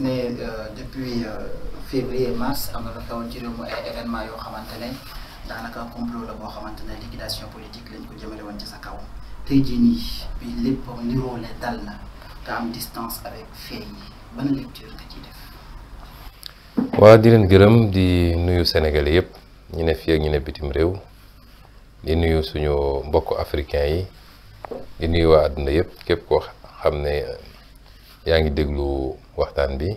ne euh, depuis euh, février mars am na la dal na te am distance avec fee yi ban lecture nga ciy def. waa di leen gërëm di nuyu Sénégalais yëpp ñu ne fii ak ñu ne bitim réew di nuyu suñu mbokk africain yi di nuyu waa àdduna yëpp képp koo xam ne yaa ngi déglu. waxtaan bi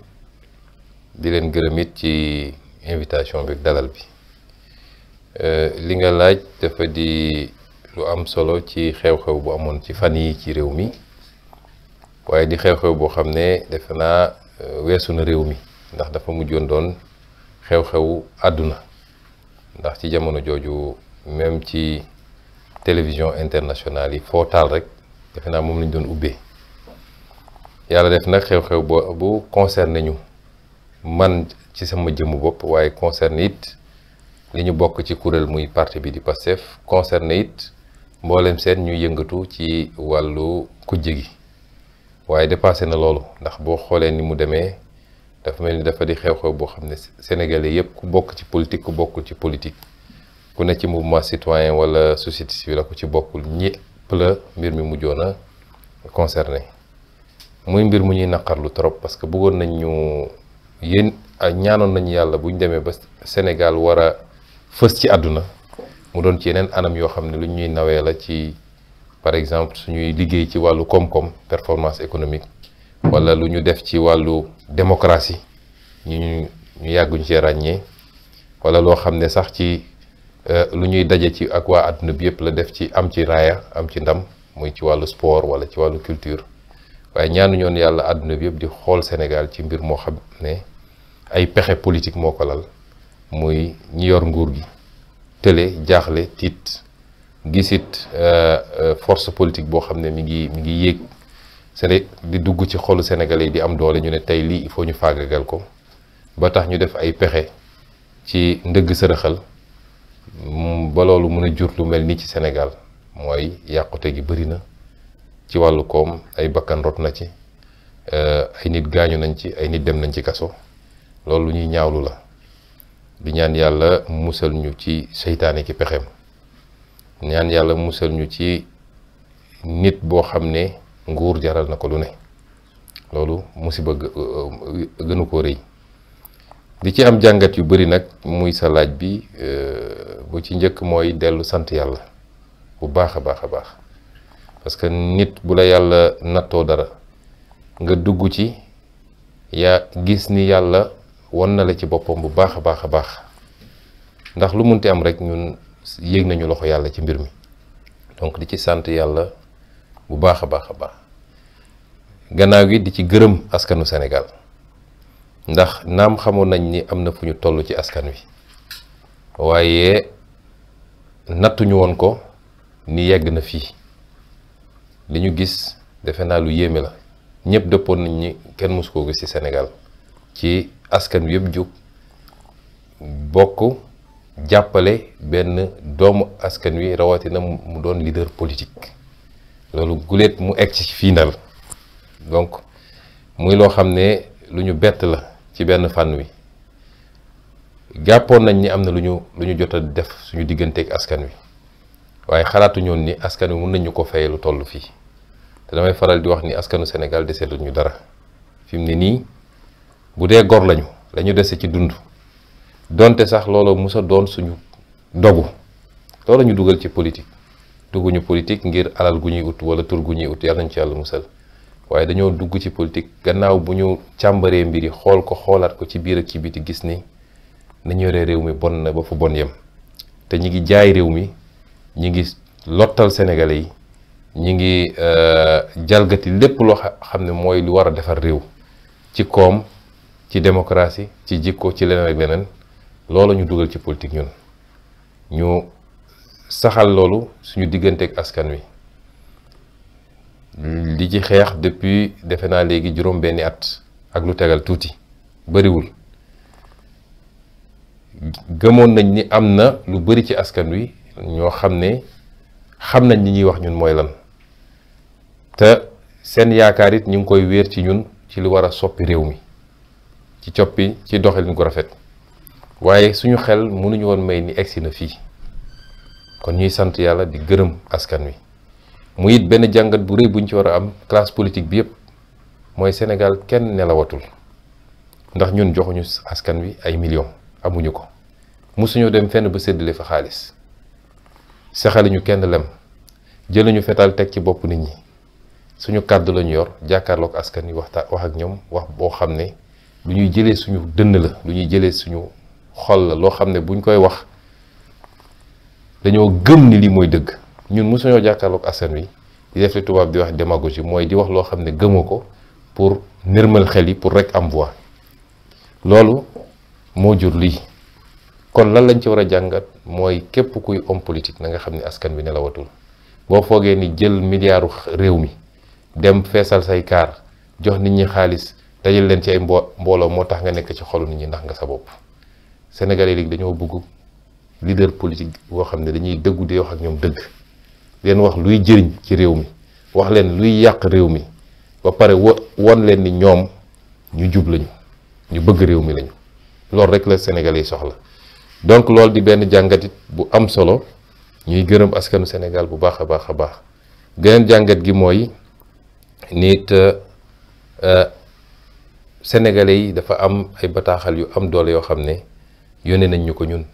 di leen gërëm it ci invitation bi dalal bi euh, li nga laaj dafa di lu am solo ci xew-xew bu amoon ci fan yi ci réew mi waaye di xew-xew boo xam ne defe naa euh, weesu na réew mi ndax dafa mujjoon doon xew-xewu àdduna ndax ci jamono jooju même ci télévision internationale yi foo taal rek defe naa moom lañ doon ubbee yàlla def nag xew-xew boo bu concerné ñu man ci sama jëmmu bopp waaye concerné it li ñu bokk ci kuréel muy parti bi di Pastef concerné it mboolem seen ñu yëngatu ci wàllu kujje gi waaye dépassé na loolu ndax boo xoolee ni mu demee dafa mel ni dafa di xew-xew boo xam ne Sénégalais yëpp ku bokk ci politique ku bokkul ci politique ku ne ci mouvement citoyen wala société civile la ku ci bokkul ñëpp la mbir mi mujjoon a concerné. muy mbir mu ñuy naqarlu trop parce que bëggoon nañ ñu yéen ñaanoon nañu yàlla bu ñu demee ba Sénégal war a fës ci àdduna mu doon ci yeneen anam yoo xam ne lu ñuy nawee la ci par exemple suñuy liggéey ci wàllu koom-koom performance économique wala lu ñu def ci wàllu démocratie ñu ñu ñu yàgguñ ci ràññee wala loo xam ne sax ci euh, lu ñuy daje ci ak waa àdduna bi yëpp la def ci am ci raaya am ci ndam muy ci wàllu sport wala ci wàllu culture waaye ñaanuñu woon yàlla àdduna bi yëpp di xool Sénégal ci mbir moo xam ne ay pexe politique moo ko lal muy ñi yor nguur gi tële jaaxle tiit gisit euh, euh, force politique boo xam ne mi ngi mi ngi yéeg Séné di dugg ci xoolu Sénégalais yi di am doole ñu ne tey lii il faut ñu faagagal ko ba tax ñu def ay pexe ci ndëgg sërëxal mm, ba loolu mën a jur lu mel nii ci Sénégal mooy yàqute gi bëri na ci wàllu koom ay bakkan rot na ci euh, ay nit gaañu nañ ci ay nit dem nañ ci kaso loolu ñuy ñaawlu la di ñaan yàlla musal ñu ci seytaane ki pexeem ñaan yàlla musal ñu ci nit boo xam ne nguur jaral na ko lu ne loolu musiba euh, gënu ko rëy di ci am jàngat yu bari nag muy sa laaj bi euh, bu ci njëkk mooy dellu sant yàlla bu baax a baax a baax parce nit bu la yàlla nattoo dara nga dugg ci yaa gis ni yàlla won na la ci boppam bu baax a baax a baax ndax lu munti am rek ñun yéeg nañu loxo yàlla ci mbir mi donc di ci sant yàlla bu baax a baax a baax gannaaw gi di ci gërëm askanu senegal ndax naam xamoon nañ ni am na fu ñu toll ci askan wi waaye nattuñu woon ko ni yegg na fii li ñu gis defe naa lu yéeme la ñëpp dëppoon nañ ni kenn mosu koo gis ci senegal ci askan wi yëpp jóg bokk jàppale benn doomu askan wi rawatina mu doon leader politique loolu guléet mu egg ci fii ndal donc muy loo xam ne lu ñu bett la ci benn fànn wi jàppoon nañ ni am na lu ñu lu ñu jotal a def suñu digganteek askan wi waaye xalaatuñoon ni askan wi mun nañu ko fay lu toll fii te damay faral di wax ni askanu Sénégal deseetul ñu dara fi mu ne nii bu dee gor lañu dañu dese ci dund donte sax loolu musa doon suñu dogu loolu ñu dugal ci politique dugguñu politique ngir alal gu ñuy ut wala tur gu ñuy ut yàlla nañ ci yàlla musal waaye dañoo dugg ci politique gannaaw bu ñu càmbaree mbir yi xool ko xoolaat ko ci biir ak ci biti gis ni nañu yore réew mi bon na ba fa bon yem te ñi ngi jaay réew mi ñi ngi lottal sénégalais yi ñi ngi euh, jalgati lépp loo xam ne mooy lu war a defar réew ci koom ci démocratie ci jikko ci leneen ak leneen loolu ñu dugal ci politique ñun ñu saxal loolu suñu digganteeg askan wi li ci xeex depuis defe naa léegi juróom benni at ak lu tegal tuuti bëriwul gëmoon nañ ni am na lu bëri ci askan wi ñoo xam ne xam nañ li ñuy wax ñun mooy lan te seen yaakaar it ñu ngi koy wéer ci ñun ci lu war a soppi réew mi ci coppi ci doxalin gu rafet waaye suñu xel mënuñu woon may ni egsi na fii kon ñuy sant yàlla di gërëm askan wi mu it benn jàngat bu rëy buñ ci war a am classe politique bi yépp mooy Sénégal kenn nelawatul ndax ñun joxuñu askan wi ay million amuñu ko musuñu dem fenn ba séddale fa xaalis saxaliñu kenn lem jëluñu fetal teg ci bopp nit ñi suñu kàddu lañu yor jàkkaarloog askan wi waxta wax ak ñoom wax boo xam ne lu ñuy jëlee suñu dënn la lu ñuy jëlee suñu xol la loo xam ne buñ koy wax dañoo gëm ni lii mooy dëgg ñun mosuñoo jàkkaarloog askan wi di def li tubaab di wax démagogie mooy di wax loo xam ne gëmoo ko pour nërmal xel yi pour rek am voix loolu moo jur lii kon lan lañ ci war a jàngat mooy képp kuy homme politique na nga xam ne askan wi ne la watul boo foogee ni jël milliardu réew mi dem feesal say kaar jox nit ñi xaalis dajal leen ci ay mbo mbooloo moo tax nga nekk ci xolu nit ñi ndax nga sa bopp Sénégalais léegi dañoo bëgg leader politique boo xam ne dañuy dëggu di wax ak ñoom dëgg leen wax luy jëriñ ci réew mi wax leen luy yàq réew mi ba pare wo won leen ni ñoom ñu jub lañu ñu bëgg réew mi lañu loolu rek la Sénégalais yi soxla donc loolu di benn jàngatit bu am solo ñuy gërëm askanu Sénégal bu baax a baax a baax geneen jàngat gi mooy nit euh, sénégalais yi dafa am ay bataaxal yu am doole yoo xam ne yónnee nañ ñu ko ñun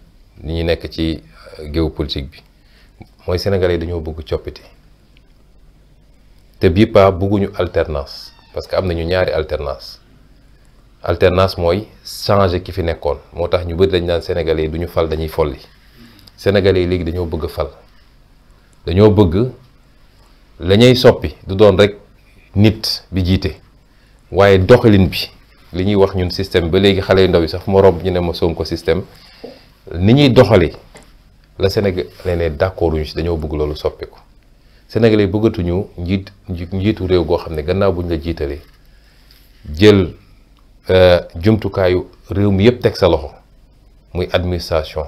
ni ñu nekk ci euh, géopolitique bi mooy sénégalais yi dañoo bëgg coppite te bippa bëgguñu alternance parce que am nañu ñaari alternance alternance mooy changer ki fi nekkoon moo tax ñu bëri dañ naan sénégalais yi du ñu fal dañuy folli sénégalais yi léegi dañoo bëgg fal dañoo bëgg lañuy soppi du doon rek nit bi jiite waaye doxalin bi li ñuy wax ñun système ba léegi xale yu ndaw yi sax ma ñu ne ma ko système ni ñuy doxali la Sénégal ne d'accord ñu dañoo bëgg loolu soppeeku Sénégalais bëggatuñu njiit njiitu réew goo xam ne gannaaw ñu la jiitalee jël euh, jumtukaayu réew mi yëpp teg sa loxo muy administration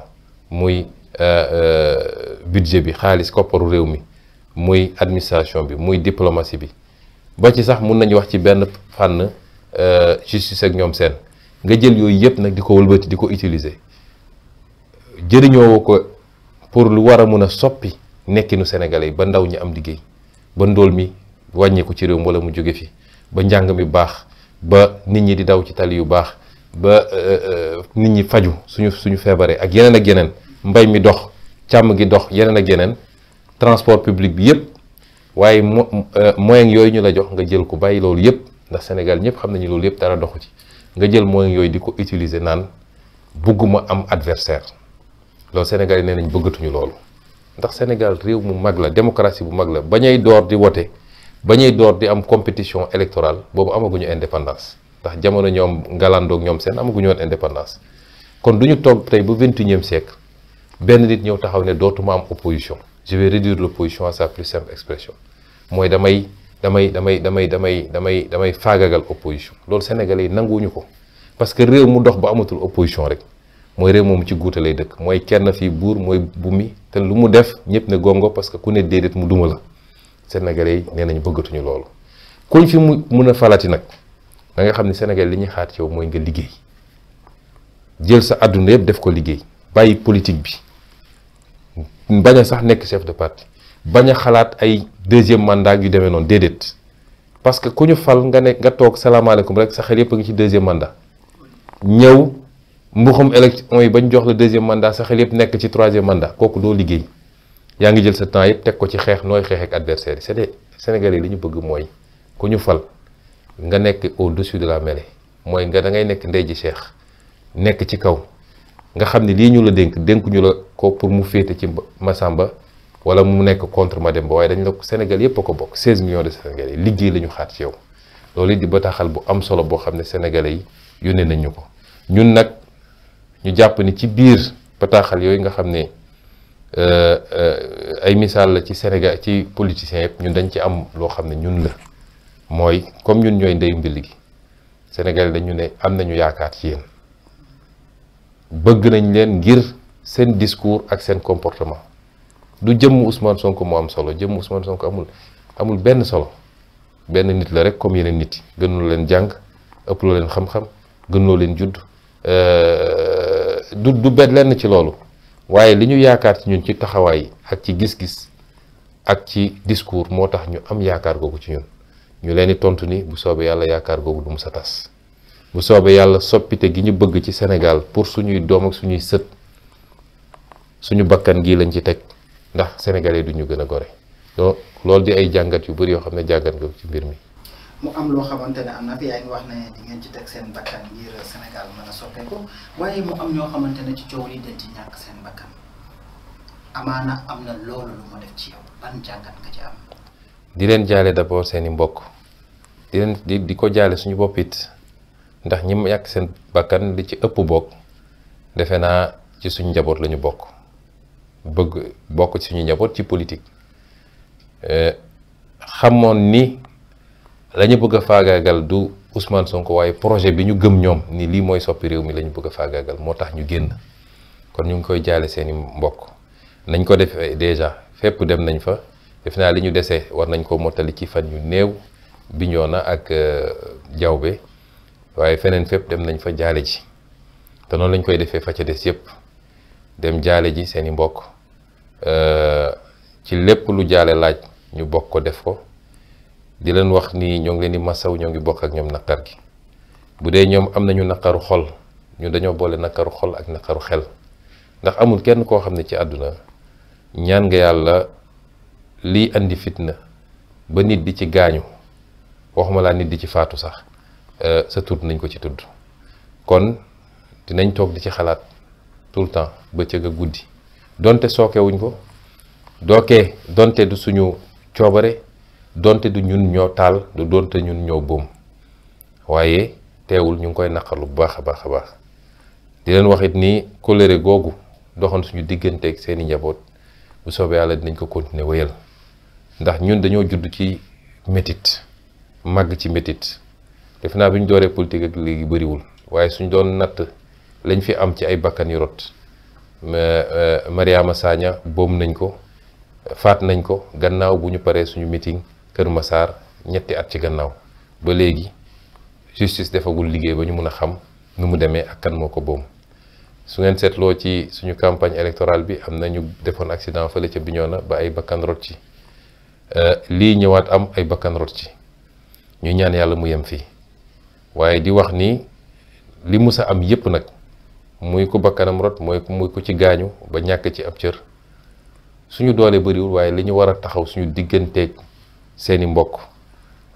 muy euh, euh, budget bi xaalis kopparu réew mi muy administration bi muy diplomatie bi ba ci sax mun nañu wax ci benn fànn euh, justice ak ñoom seen nga jël yooyu yëpp nag di ko wëlbati di ko utiliser jëriñoo ko pour lu war a mun a soppi nekkinu Sénégalais ba ndaw ñi am liggéey ba ndóol mi wàññeeku ci réew wala mu jóge fi ba njàng mi baax ba nit ñi di daw ci tali yu baax ba euh, nit ñi faju suñu suñu feebaree ak yeneen ak yeneen mbay mi dox càmm gi dox yeneen ak yeneen transport public bi yëpp waaye mo euh, moyens yooyu ñu la jox nga jël ko bàyyi loolu yëpp ndax Sénégal ñëpp xam nañu loolu yëpp dara doxu ci nga jël moyens yooyu di ko utiliser naan bugguma am adversaire loolu Sénégal yi nee nañ bëggatuñu loolu ndax Sénégal réew mu mag la démocratie bu mag la ba ñuy door di wote ba ñuy door di am compétition électorale boobu amaguñu indépendance ndax jamono ñoom ngalandoog ñoom seen amaguñu woon indépendance kon du ñu toog tey ba vingt et unième siècle benn nit ñëw taxaw ne dootuma am opposition je vais réduire l'opposition à sa plus mooy damay damay damay damay damay damay damay faagagal opposition loolu sénégalais yi nanguwuñu ko parce que réew mu dox ba amatul opposition rek mooy réew moom ci guute lay dëkk mooy kenn fii buur mooy bumi te lu mu def ñëpp ne gongo parce que ku ne déedéet mu duma la sénégalais yi nee nañu bëggatuñu loolu kuñ fi mu mun a falati nag da nga xam ne sénégalais li ñuy xaar ci yow mooy nga liggéey jël sa àdduna yëpp def ko liggéey bàyyi politique bi bañ a sax nekk chef de parti bañ a xalaat ay deuxième mandat yu demee noonu déedéet parce que ku ñu fal nga nekk nga toog salaamaaleykum rek sa xel yëpp a ngi ci deuxième mandat ñëw mbuxum élection yi bañ jox la deuxième mandat sa xel yëpp nekk ci troisième mandat kooku doo liggéey yaa ngi jël sa temps yëpp teg ko ci xeex nooy xeex ak adversaire yi c'est-à-dire li ñu bëgg mooy ku ñu fal nga nekk au-dessus de la mêlée mooy nga da ngay nekk ndey ji cheikh nekk ci kaw nga xam ne lii ñu la dénk ñu la ko pour mu féete ci Masamba wala mu nekk contre Mademba waaye dañ la ko Sénégal yëpp a ko bokk 16 millions de Sénégalais liggéey la ñu xaat ci yow loolu it di bataaxal bu am solo boo xam ne Sénégalais yi yónnee nañ ñu ko ñun nag ñu jàpp ni ci biir bataaxal yooyu nga xam ne euh, euh, ay misaal la ci Sénégal ci politiciens yëpp ñun dañ ci am loo xam ne ñun la mooy comme ñun ñooy ndeyu mbil gi Sénégalais dañu ne am nañu yaakaar ci yéen bëgg nañ leen ngir seen discours ak seen comportement. du jëmm usmaan sonk moo am solo jëmm Ousmane Sonko amul amul benn solo benn nit la rek comme yeneen nit yi gënuloo leen jàng ëpploo leen xam-xam gënuloo leen judd euh, du du benn lenn ci loolu waaye li ñu yaakaar ci ñun ci taxawaay ak ci gis-gis ak ci discours moo tax ñu am yaakaar googu ci ñun ñu leen di tontu ni bu soobee yàlla yaakaar googu du mu sa tas bu soobee yàlla soppite gi ñu bëgg ci Sénégal pour suñuy doom ak suñuy sët suñu bakkan gii lañ ci teg. ndax sénégalais duñu gën a gore donc loolu di ay jàngat yu bari yoo xam ne jàngat nga ci mbir mi. mu am loo xamante am na loolu lu mu def ci yow ban jàngat nga ci am. di leen jaale d'abord seen i mbokk di leen di di ko jaale suñu bopp it ndax ñi mu seen bakkan li ci ëpp bokk defe naa ci suñu njaboot lañu bokk. bëgg bokk suñu njaboot ci politique eh, xamoon ni la ñu bëgg a faagaagal du Ousmane Sonko waaye projet bi ñu gëm ñoom ni lii mooy soppi réew mi lañu ñu bëgg a faagaagal moo tax ñu génn kon ñu ngi koy jaale seeni mbokk nañ ko defee eh, déjà fépp dem nañ fa def naa li ñu desee war nañ ko mottali ci fan yu néew bi Bignona ak eh, Diaobé waaye feneen fépp dem nañ fa jaale ji te noonu lañ koy defee fa ca des yëpp dem jaale ji seeni mbokk Euh, ci lépp lu jaale laaj ñu bokk ko def ko di leen wax ni ñoo ngi leen di masaw ñoo ngi bokk ak ñoom naqar gi bu dee ñoom am nañu naqaru xol ñu dañoo boole naqaru xol ak naqaru xel ndax amul kenn koo xam ne ci àdduna ñaan nga yàlla liy andi fitna ba nit di ci gaañu waxuma laa nit di ci faatu sax euh, sa tur nañ ko ci tudd kon dinañ toog di ci xalaat tout le temps bëccëg a guddi donte sookewuñ ko dooke donte du suñu coobare donte du ñun ñoo taal du donte ñun ñoo boom waaye teewul ñu ngi koy naqarlu bu baax a baax a baax di leen wax it ni colère googu doxoon suñu diggante ak seeni njaboot bu soobee yàlla dinañ ko continuer wéyal ndax ñun dañoo judd ci métit màgg ci métit def naa bi ñu dooree politique ak léegi bëriwul waaye suñ doon natt lañ fi am ci ay bakkan yu Euh, Mariama Sagna boom nañ ko faat nañ ko gannaaw bu ñu paree suñu meeting Kër Massar ñetti at ci gannaaw ba léegi justice defagul liggéey ba ñu mun a xam nu mu demee ak kan moo ko boom su ngeen seetloo ci suñu campagne électorale bi am na ñu defoon accident fële ca Bignona ba ay bakkan rot ci euh, lii ñëwaat am ay bakkan rot ci ñu ñaan yàlla mu yem fii waaye di wax ni li mus a am yépp nag muy ko bakkanam rot mooy muy ko ci gaañu ba ñàkk ci ab cër suñu doolee bëriwul waaye li ñu war a taxaw suñu digganteeg seeni mbokk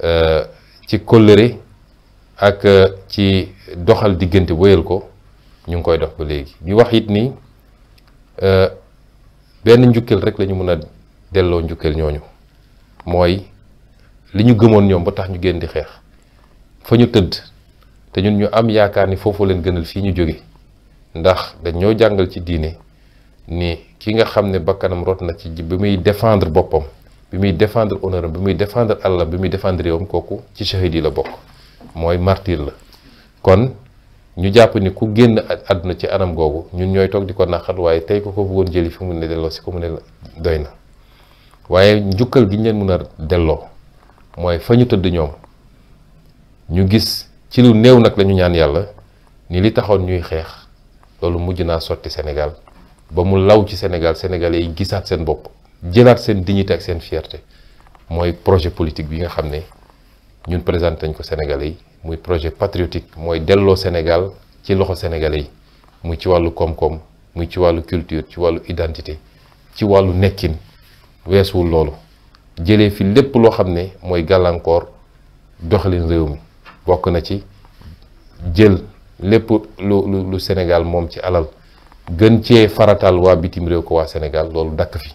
euh, ci kóllëre ak euh, ci doxal diggante wéyal ko ñu ngi koy dox ba léegi ñu wax it ni euh, benn njukkal rek lañu mën a delloo njukkal ñooñu mooy li ñu gëmoon ñoom ba tax ñu génn di xeex fa ñu tëdd te ñun ñu am yaakaar ni foofu leen gënal fii ñu jóge ndax ñoo jàngal ci diine ni ki nga xam ne bakkanam rot na ci bi muy defendre boppam bi muy defendre honneur bi muy defendre àllam bi muy défendre réewam kooku ci shahid yi la bokk mooy martyr la kon ñu jàpp ni ku génn àdduna ci anam googu ñun ñooy toog di ko naqar waaye tey ko buggoon jël jëli fi mu ne delloo si ko mu ne doy na waaye njukkal gi ñu leen mën a delloo mooy fa ñu tëdd ñoom ñu gis ci lu néew nag lañu ñaan yàlla ni li taxoon ñuy xeex loolu mujj naa sotti Sénégal ba mu law ci Sénégal sénégalais yi gisaat seen bopp jëlaat seen dignité ak seen fierté mooy projet politique bi nga xam ne ñun présenté nañ ko sénégalais yi muy projet patriotique mooy delloo Sénégal ci loxo sénégalais yi muy ci wàllu koom-koom muy ci wàllu culture ci wàllu identité ci wàllu nekkin weesuwul loolu jëlee fi lépp loo xam ne mooy gàllankoor doxalin réew mi bokk na ci jël. lépp lu lu Sénégal moom ci alal gën cee faratal waa bitim réew ko waa Sénégal loolu dakk fi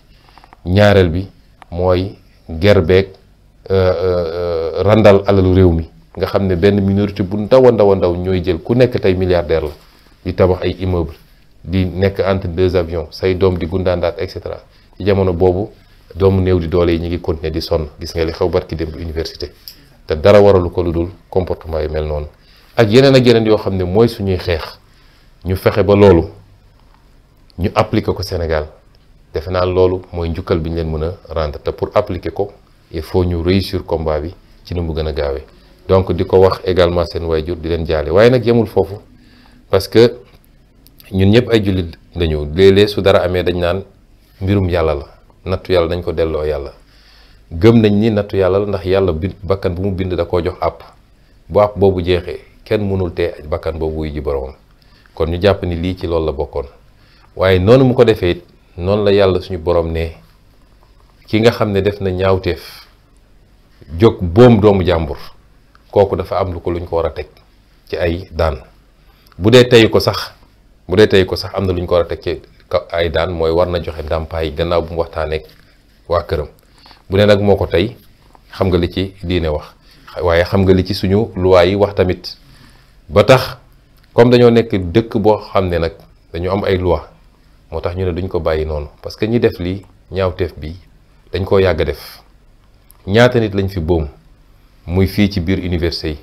ñaareel bi mooy ger beeg euh, euh, randal alalu réew mi nga xam ne benn minorité bu ndaw a ndaw a ndaw ñooy jël ku nekk tey milliardaire la di tabax ay immeuble di nekk entre deux avions say doom di gundaandaat et cetera ci jamono boobu doomu néew di doole yi ñu ngi continuer di sonn gis nga li xew barki dem bu université te dara waralu ko lu dul comportement yi mel noonu ak yeneen ak yeneen yoo xam ne mooy suñuy xeex ñu fexe ba loolu ñu appliquer ko Sénégal defe naa loolu mooy njukkal bi ñu leen mën a rendre te pour appliquer ko il faut ñu réussir combat bi ci nu mu gën a gaawee donc di ko wax également seen waajur di leen jaale waaye nag yemul foofu parce que ñun ñëpp ay jullit lañu léeg-léeg su dara amee dañ naan mbirum yàlla la nattu yàlla dañ ko delloo yàlla gëm nañ ni nattu yàlla la ndax yàlla bi bakkan bu mu bind da koo jox àpp bu àpp boobu jeexee kenn mënul tee bàkkan boobu wuy ji boromam kon ñu jàpp ni lii ci loolu la bokkoon waaye noonu mu ko defee it noonu la yàlla suñu borom ne ki nga xam ne def na ñaawteef jóg boom doomu jàmbur kooku dafa am lu ko luñ ko war a teg ci ay daan bu dee tey ko sax bu dee tey ko sax am na luñ ko war a teg ci ay daan mooy war na joxe ndàmpaay gannaaw bu mu waxtaanee waa këram bu dee nag moo ko tey xam nga li ci diine wax waaye xam nga li ci suñu luwaay wax tamit. ba tax comme dañoo nekk dëkk boo xam ne nag dañu am ay loi moo tax ñu ne duñ ko bàyyi noonu parce que ñi def ñaaw teef bi dañ koo yàgg def ñaata nit lañ fi boom muy fii ci biir université yi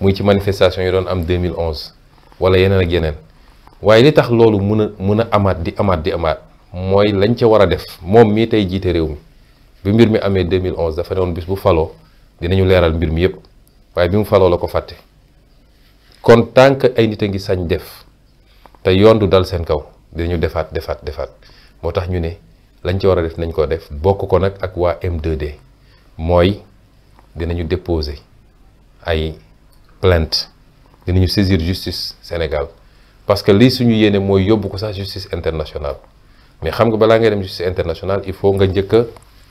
muy ci manifestation yi doon am 2011 wala yeneen ak yeneen waaye li tax loolu mun a mun a amaat di amaat di amaat mooy lañ ca war a def moom mii tey jiite réew mi bi mbir mi amee 2011 dafa ne woon bis bu faloo dinañu leeral mbir mi yépp waaye bi mu faloo la ko fàtte kon tànk ay nit a ngi sañ def te yoon du dal seen kaw dinañu defaat defaat defaat moo tax ñu ne lañ ci war a def nañ ko def bokk ko nag ak waa M2D mooy dinañu déposer ay plainte ñu saisir justice Sénégal parce que lii suñu yéene mooy yóbbu ko sax justice internationale mais xam nga balaa ngay dem justice internationale il faut nga njëkk a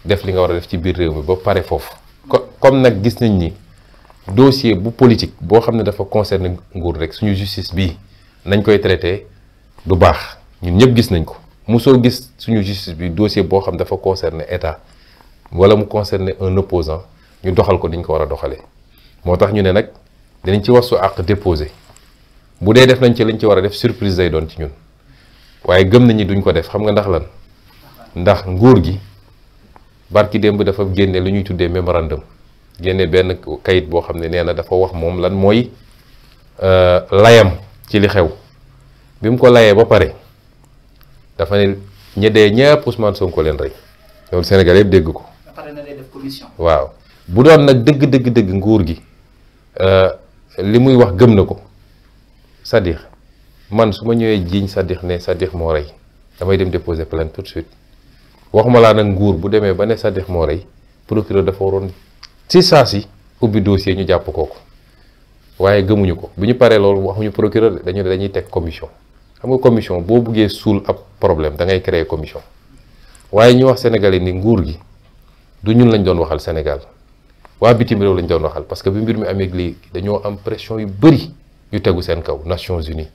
def li nga war a def ci biir réew mi ba pare foofu. comme nag gis nañ ni. dossier bu politique boo xam ne dafa concerner nguur rek suñu justice bi nañ koy traité du baax ñun ñëpp gis nañ ko mosoo gis suñu justice bi dossier boo xam ne dafa concerner état wala mu concerner un opposant ñu doxal ko niñ ko war a doxalee moo tax ñu ne nag dinañ ci war su àq déposé bu dee def nañ ci lañ ci war a def surprise day doon ci ñun waaye gëm nañu duñ ko def xam nga ndax lan ndax nguur gi barki démb dafa génne lu ñuy tuddee mémorandum génne benn kayit boo xam ne nee na dafa wax moom lan mooy euh, layam ci li xew bi mu ko layee ba pare dafa ne ñi dee ñëpp Ousmane Sonko leen rey loolu Sénégal yëpp dégg ko. waaw bu doon nag dëgg dëgg dëgg nguur gi euh, li muy wax gëm na ko saddix man su ma ñëwee jiiñ cest à ne cest à moo rey damay dem déposer plainte tout de suite waxuma laa nag nguur bu demee ba ne cest à moo rey procureur dafa waroon. ci saa si ubbi dossier ñu jàpp kooku waaye gëmuñu ko bu ñu paree loolu waxuñu procureur dañu ne dañuy teg commission xam nga commission boo buggee suul ab problème da ngay commission waaye ñu wax sénégalais ni nguur gi du ñun lañ doon waxal Sénégal waa bitim réew lañ doon waxal parce que bi mbir mi amee léegi dañoo am pression yu bëri ñu tegu seen kaw Nations Unies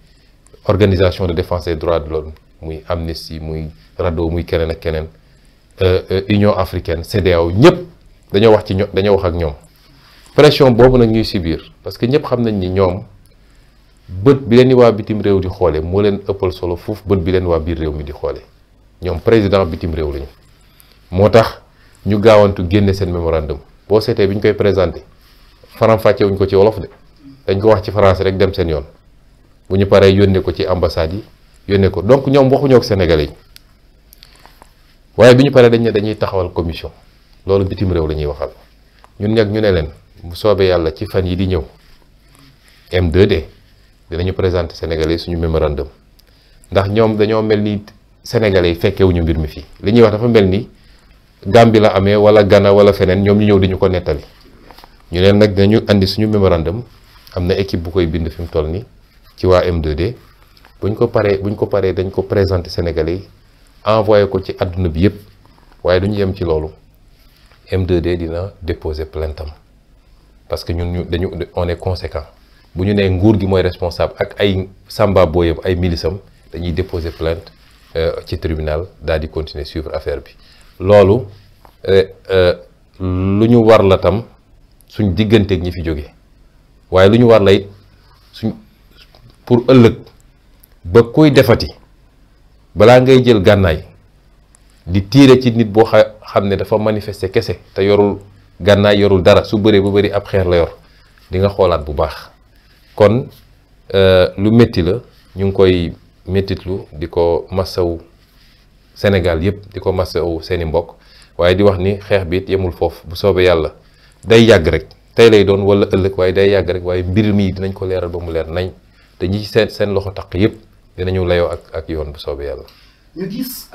organisation de défense des droits de l'homme muy Amnesty muy RADDHO muy keneen ak keneen euh, euh, Union africaine CEDEAO ñëpp. dañoo wax ci ñoom dañoo wax ak ñoom pression boobu nag ñuy subir parce que ñëpp xam nañ ni ñoom bët bi leen di waa bitim réew di xoole moo leen ëppal solo foofu bët bi leen waa biir réew mi di xoole ñoom président bitim réew lañu moo tax ñu gaawantu génne seen mémorandum boo seetee bi ñu koy présenté faram wuñ ko ci wolof de dañ ko wax ci français rek dem seen yoon bu ñu paree yónnee ko ci ambassade yi yónnee ko donc ñoom waxuñoo ak sénégalais yi waaye ñu paree dañ ne dañuy taxawal commission loolu bitim réew la ñuy waxal ñun nag ñu ne leen mu soobee yàlla ci fan yi di ñëw M2D dinañu présenter sénégalais suñu mémorandum ndax ñoom dañoo mel ni sénégalais yi fekkewuñu mbir mi fii li ñuy wax dafa mel ni Gàmbi la amee wala Ghana wala feneen ñoom ñu ñëw di ko nettali ñu leen nag dañu andi suñu mémorandum am na équipe bu koy bind fi mu toll ni ci waa m buñ ko paree buñ ko paree dañ ko présenter sénégalais yi envoyé ko ci àdduna bi yëpp waaye duñu yem ci loolu. m d dina déposer plaintam parce que ñun ñu dañu on bu ñu nee nguur gi mooy responsable ak ay samba booyam ay milisam dañuy déposé plainte euh, ci tribunal daal di continuer suivre affaire bi loolu euh, euh, lu ñu war la tam suñ digganteeg ñi fi jóge waaye lu ñu war la suñ pour ëllëg ba kuy defati balaa ngay jël gànnaay di tiire ci nit boo xa xam ne dafa manifester kese te yorul gànnaay yorul dara su bëree bu bëri ab xeer la yor di nga xoolaat bu baax kon euh, lu métti la ñu ngi koy méttitlu di ko massawu Sénégal yëpp di ko massawu seeni mbokk waaye di wax ni xeex bi yemul foofu bu soobee yàlla day yàgg rek tey lay doon wala ëllëg waaye day yàgg rek waaye mbir mi dinañ ko leeral ba mu leer nañ dañu ñi ci seen seen loxo taq yëpp dinañu layoo ak ak yoon bu soobee yàlla ñu gis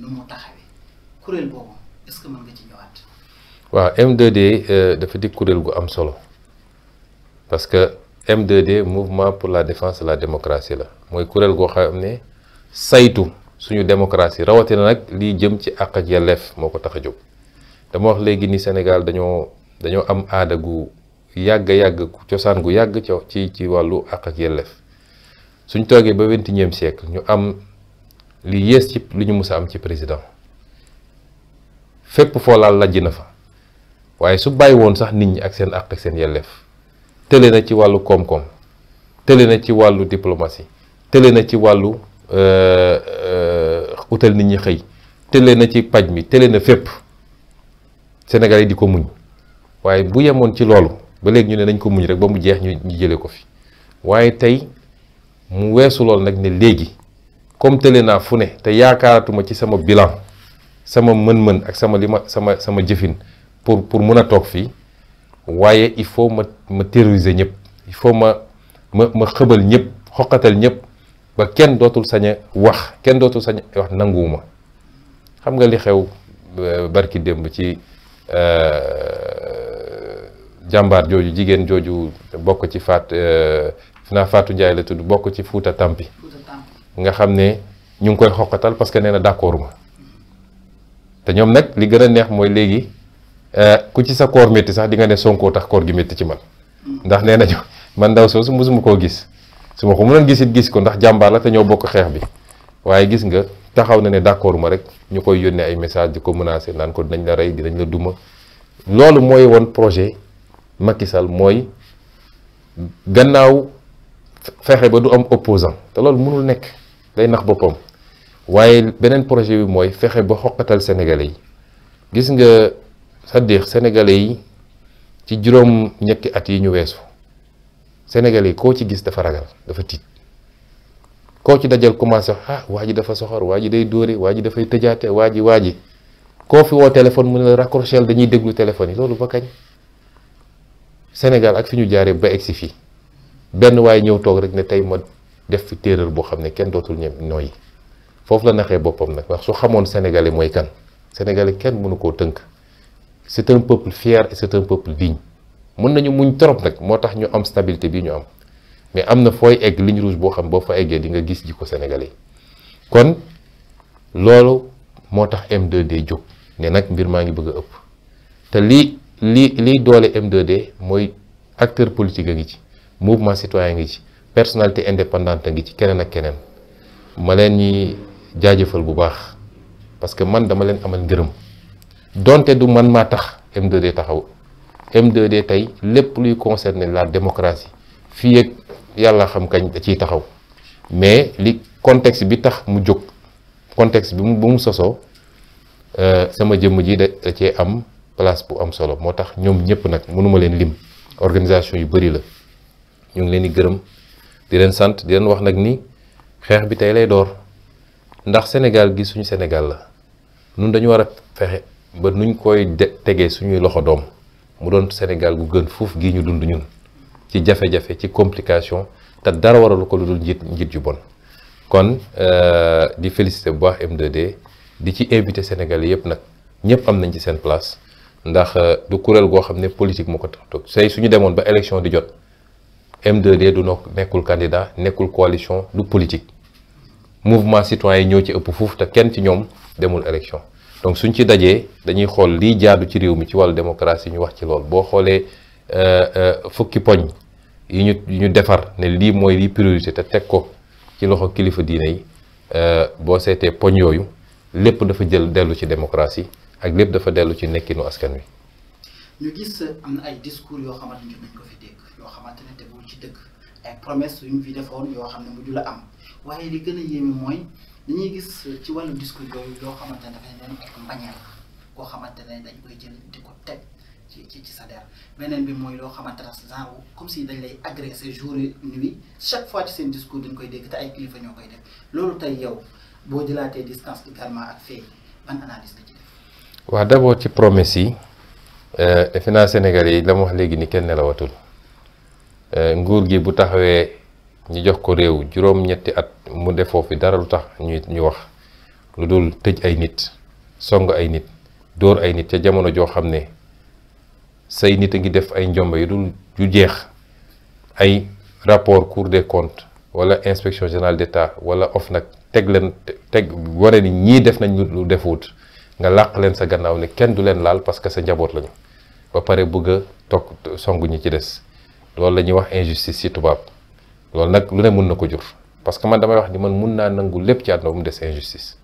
nu mu taxawee kuréel boobu est-ce mën nga ci ñëwaat. waaw m euh, dafa di kuréel gu am solo parce que m 2 mouvement pour la défense la démocratie la mooy kuréel goo xam ne saytu suñu démocratie rawatina nag liy jëm ci àq ak yelleef moo ko tax a jóg dama wax léegi ni senegal dañoo dañoo am aada gu yàgg yàgg cosaan gu yàgg ci ci wàllu àq ak yelleef. suñ toogee ba vingt et unième ñu am li yées ci li ñu mus a am ci président fépp foo laal lajj na fa waaye su bàyyi woon sax nit ñi ak seen àq ak seen yelleef tële na ci wàllu koom-koom tële na ci wàllu diplomatie tële na ci wàllu euh, euh, utal nit ñi xëy tele na ci paj mi tele na fépp senegal yi di ko muñ waaye bu yemoon ci loolu ba léegi ñu ne nañ ko muñ rek ba mu jeex ñu jëlee ko fi waaye tey mu weesu lool nag ni léegi comme tële naa fu ne te yaakaaratuma ci sama bilan sama mën-mën ak sama li sama sama jëfin pour pour mun a toog fii waaye il faut ma ma terroriser ñëpp il faut ma ma ma xëbal ñëpp xoqatal ñëpp ba kenn dootul sañ wax kenn dootul sañ a wax nanguwuma xam nga li xew euh, barki démb ci euh, jàmbaar jooju jigéen jooju bokk ci faat euh, naa Fatou Ndiaye la tudd bokk ci Fouta Tampi nga xam ne ñu ngi koy xoqatal parce que nee na d'accord ma te ñoom nag li gën a neex mooy léegi eh, ku ci sa koor métti sax di nga ne sonkoo tax koor gi metti ci man mm. ndax nee nañu man ndaw soosu mosuma koo gis su ma ko mënoon gis gis ko ndax jàmbaar la te ñoo bokk xeex bi waaye gis nga taxaw na ne d'accord ma rek ñu koy yónnee ay message di ko menacer naan ko dinañ la rey dinañ la duma loolu mooy woon projet Macky Sall mooy gannaaw fexe ba du am opposant te loolu mënul nekk day nax boppam waaye beneen projet bi mooy fexe ba xoqatal sénégalais yi gis nga cest à yi ci juróom ñetti at yi ñu weesu sénégalais yi koo ci gis dafa ragal dafa tiit koo ci dajal commencé ah waa ji dafa soxor waa ji day dóore waa ji dafay tëjaate waa ji waa ji koo fi woo téléphone mu ne la raccroché dañuy déglu téléphone yi loolu ba kañ Sénégal ak fi ñu jaaree ba egsi fii benn waaye ñëw toog rek ne tey ma def fi téeral boo xam ne kenn dootul ñem nooyi foofu la naxee boppam nag ndax su xamoon sénégalais mooy kan sénégalais kenn mënu koo tënk c'est un peuple fier et c'est un peuple digne mën nañu muñ trop nag moo tax ñu am stabilité bi ñu am mais am na fooy egg ligne rouge boo xam ne boo fa eggee di nga gis ko sénégalais kon loolu moo tax M2D jóg ne nag mbir maa ngi bëgg ëpp te lii lii lii doole M2D mooy acteur politique a ngi ci mouvement citoyen ngi ci personnalité indépendante ngi ci keneen ak keneen ma leen ñi jaajëfal bu baax parce que man dama leen amal ngërëm donte du man maa tax md taxaw m 2 tey lépp luy concerner la démocratie fii ak yàlla xam kañ da ciy taxaw mais li contexte bi tax mu jóg contexte bi mu bu mu sosoo euh, sama jëmm ji da cee am place bu am solo moo tax ñoom ñëpp nag mënuma leen lim organisation yu bëri la ñu ngi leen di gërëm di leen sant di leen wax nag nii xeex bi tey lay door ndax Sénégal gi suñu Sénégal la nun dañu war a fexe ba nuñ koy tegee suñuy loxo doom mu doon Sénégal gu gën fuuf gii ñu dund ñun ci jafe-jafe ci complication te dara waralu ko lu dul njiit njiit yu bon kon euh, di félicité bu baax m 2 di ci invité Sénégalais yëpp nag ñëpp am nañ ci seen place ndax euh, du kuréel goo xam ne politique moo ko tax toog say suñu demoon ba élection di jot M2D du nekkul candidat nekkul coalition du politique mouvement citoyen yi ñoo ci ëpp fuuf te kenn ci ñoom demul élection donc suñ ci dajee dañuy xool lii jaadu ci réew mi ci wàllu démocratie ñu wax ci lool boo xoolee euh, euh, fukki poñ yi ñu ñu defar ne lii mooy lii priorité te teg ko ci loxo kilifa diine yi euh, boo seetee poñ yooyu lépp dafa jël dellu ci démocratie ak lépp dafa dellu ci nekkinu askan wi. yoo xamante ne te bu ci dëkk ay promesse yu ñu fi defoon yoo xam ne mujj la am waaye li gën a yéeme mooy dañuy gis ci wàllu discours yooyu yoo xamante ne dafay leen ak mbañeel koo xamante ne dañ koy jël di ko teg ci ci ci sa der beneen bi mooy loo xamante ne genre comme si dañ lay agressé jour nuit chaque fois ci seen discours dañ koy dégg te ay kilifa ñoo koy def loolu tey yow boo jëlaatee distance également ak fee ban analyse la ci def. waaw ci promesse yi. defe euh, naa Sénégal yi la mu wax léegi ni kenn nelawatul Euh, nguur gi bu taxawee ñu jox ko réew juróom-ñetti at mu def foofu dara lu tax ñuy ñu wax lu dul tëj ay nit song ay nit dóor ay nit ca jamono joo xam ne say nit a ngi def ay njombe yu dul ju jeex ay rapport cour des comptes wala inspection générale d'État wala nag teg leen teg wane ni ñii def nañ lu defuut nga làq leen sa gannaaw ne kenn du leen laal parce que sa njaboot lañu ba pare bëgg a toog song ñi ci des loolu la ñuy wax injustice ci tubaab loolu nag lu ne mën na ko jur parce que man damay wax ni man mun naa nangu lépp ci àdduna bu mu des injustice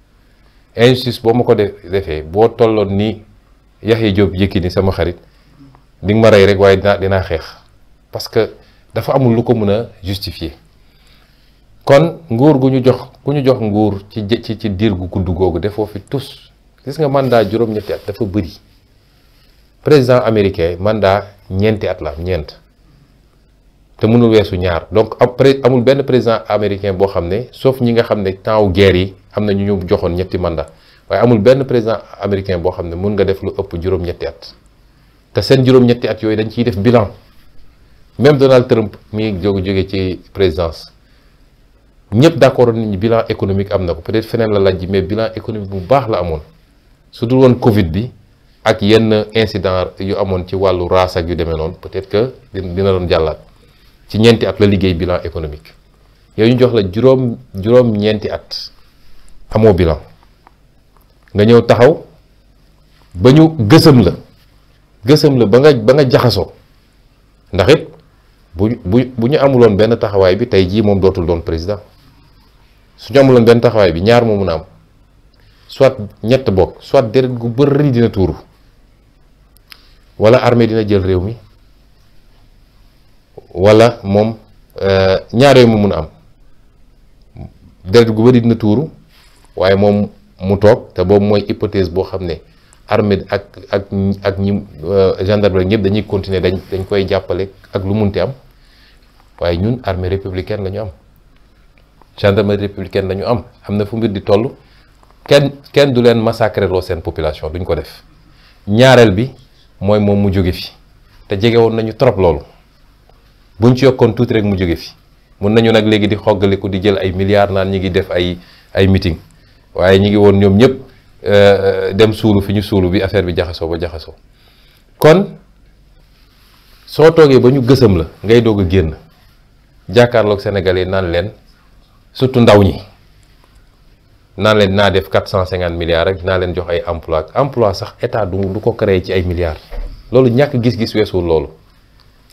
injustice boo ma ko defee boo tolloon ni Yaxya Jóob Yékini sama xarit di nga ma rey rek waaye dinaa dinaa xeex parce que dafa amul lu ko mën a justifier kon nguur gu ñu jox ku ñu jox nguur ci ci ci diir gu gudd googu defoo fi tous gis nga mandat juróom-ñetti at dafa bëri président américain mandat ñeenti at la ñeent te mënul weesu ñaar donc après amul benn président américain boo xam ne soof ñi nga xam ne temps wu yi am na ñu ñu joxoon ñetti mandat waaye amul benn président américain boo xam ne mën nga def lu ëpp juróom-ñetti at te seen juróom-ñetti at yooyu dañ ciy def bilan même Donald Trump mi ngi jóge ci présidence ñëpp d'accord nañu bilan économique am na ko peut-être feneen la laaj ji mais bilan économique bu baax la amoon su dul woon Covid bi ak yenn incident yu amoon ci wàllu raas yu demee noonu peut-être que dina doon ci ñeenti at la liggéey bilan économique yow ñu jox la juróom juróom ñeenti at amoo bilan nga ñëw taxaw ba ñu gësëm la gësëm la ba nga ba nga jaxasoo ndax it bu bu bu ñu amuloon benn taxawaay bi tey jii moom dootul doon président su ñu amuloon benn taxawaay bi ñaar moo mun a am soit ñett bokk soit deret gu bëri dina tuuru wala armée dina jël réew mi wala moom euh, ñaar yooyu mu mun a am deret gu bëri dina tuuru waaye moom mu toog te boobu mooy hypothèse boo xam ne armée ak ak ak ñi euh, gendarmerie ñëpp dañuy continuer dañ dañ koy jàppale ak lu munti am waaye ñun armée républicaine la am gendarmerie républicaine la am am na fu mbir di toll kenn kenn du leen massacrer loo seen population duñ ko def ñaareel bi mooy moom mu jóge fi te jege woon nañu trop loolu bu buñ ci yokkoon tuuti rek mu jóge fi mun nañu nag léegi di xoggaliku di jël ay milliards naan ñi ngi def ay ay meeting waaye ñu ngi woon ñoom ñëpp euh, euh, dem suulu fi ñu suulu bi affaire bi jaxasoo ba jaxasoo kon soo toogee ba ñu gësëm la ngay doog a génn jàkkaarloog sénégalais naan leen surtout ndaw ñi naan leen naa def quatre cent cinquante milliards rek naa leen jox ay emploi ak sax état du du ko créer ci ay milliards loolu ñàkk gis-gis weesul loolu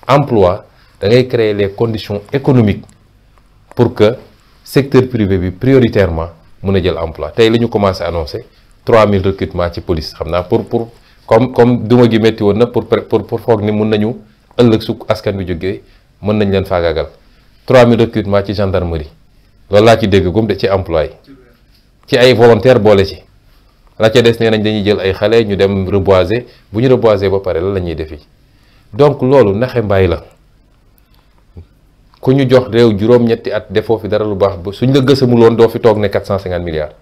emploi da ngay créer les conditions économiques pour que secteur privé bi prioritairement mun a jël emploi tey li ñu commencé annoncé 3000 recrutements ci police xam naa pour pour comme comme duma gi métti woon na pour pour pour foog ni mun nañu ëllëg su askan bi jógee mën nañ leen faagaagal 3000 recrutements ci gendarmerie loolu laa ci dégg gum de ci emploi yi ci ay volontaire boole ci la ca des nee nañ dañuy jël ay xale ñu dem reboiser bu ñu reboiser ba pare lan la ñuy defi donc loolu naxe mbaay la. ku ñu jox réew juróom-ñetti at defoo fi dara lu baax ba suñ la gësamuloon doo fi toog ne 450 milliards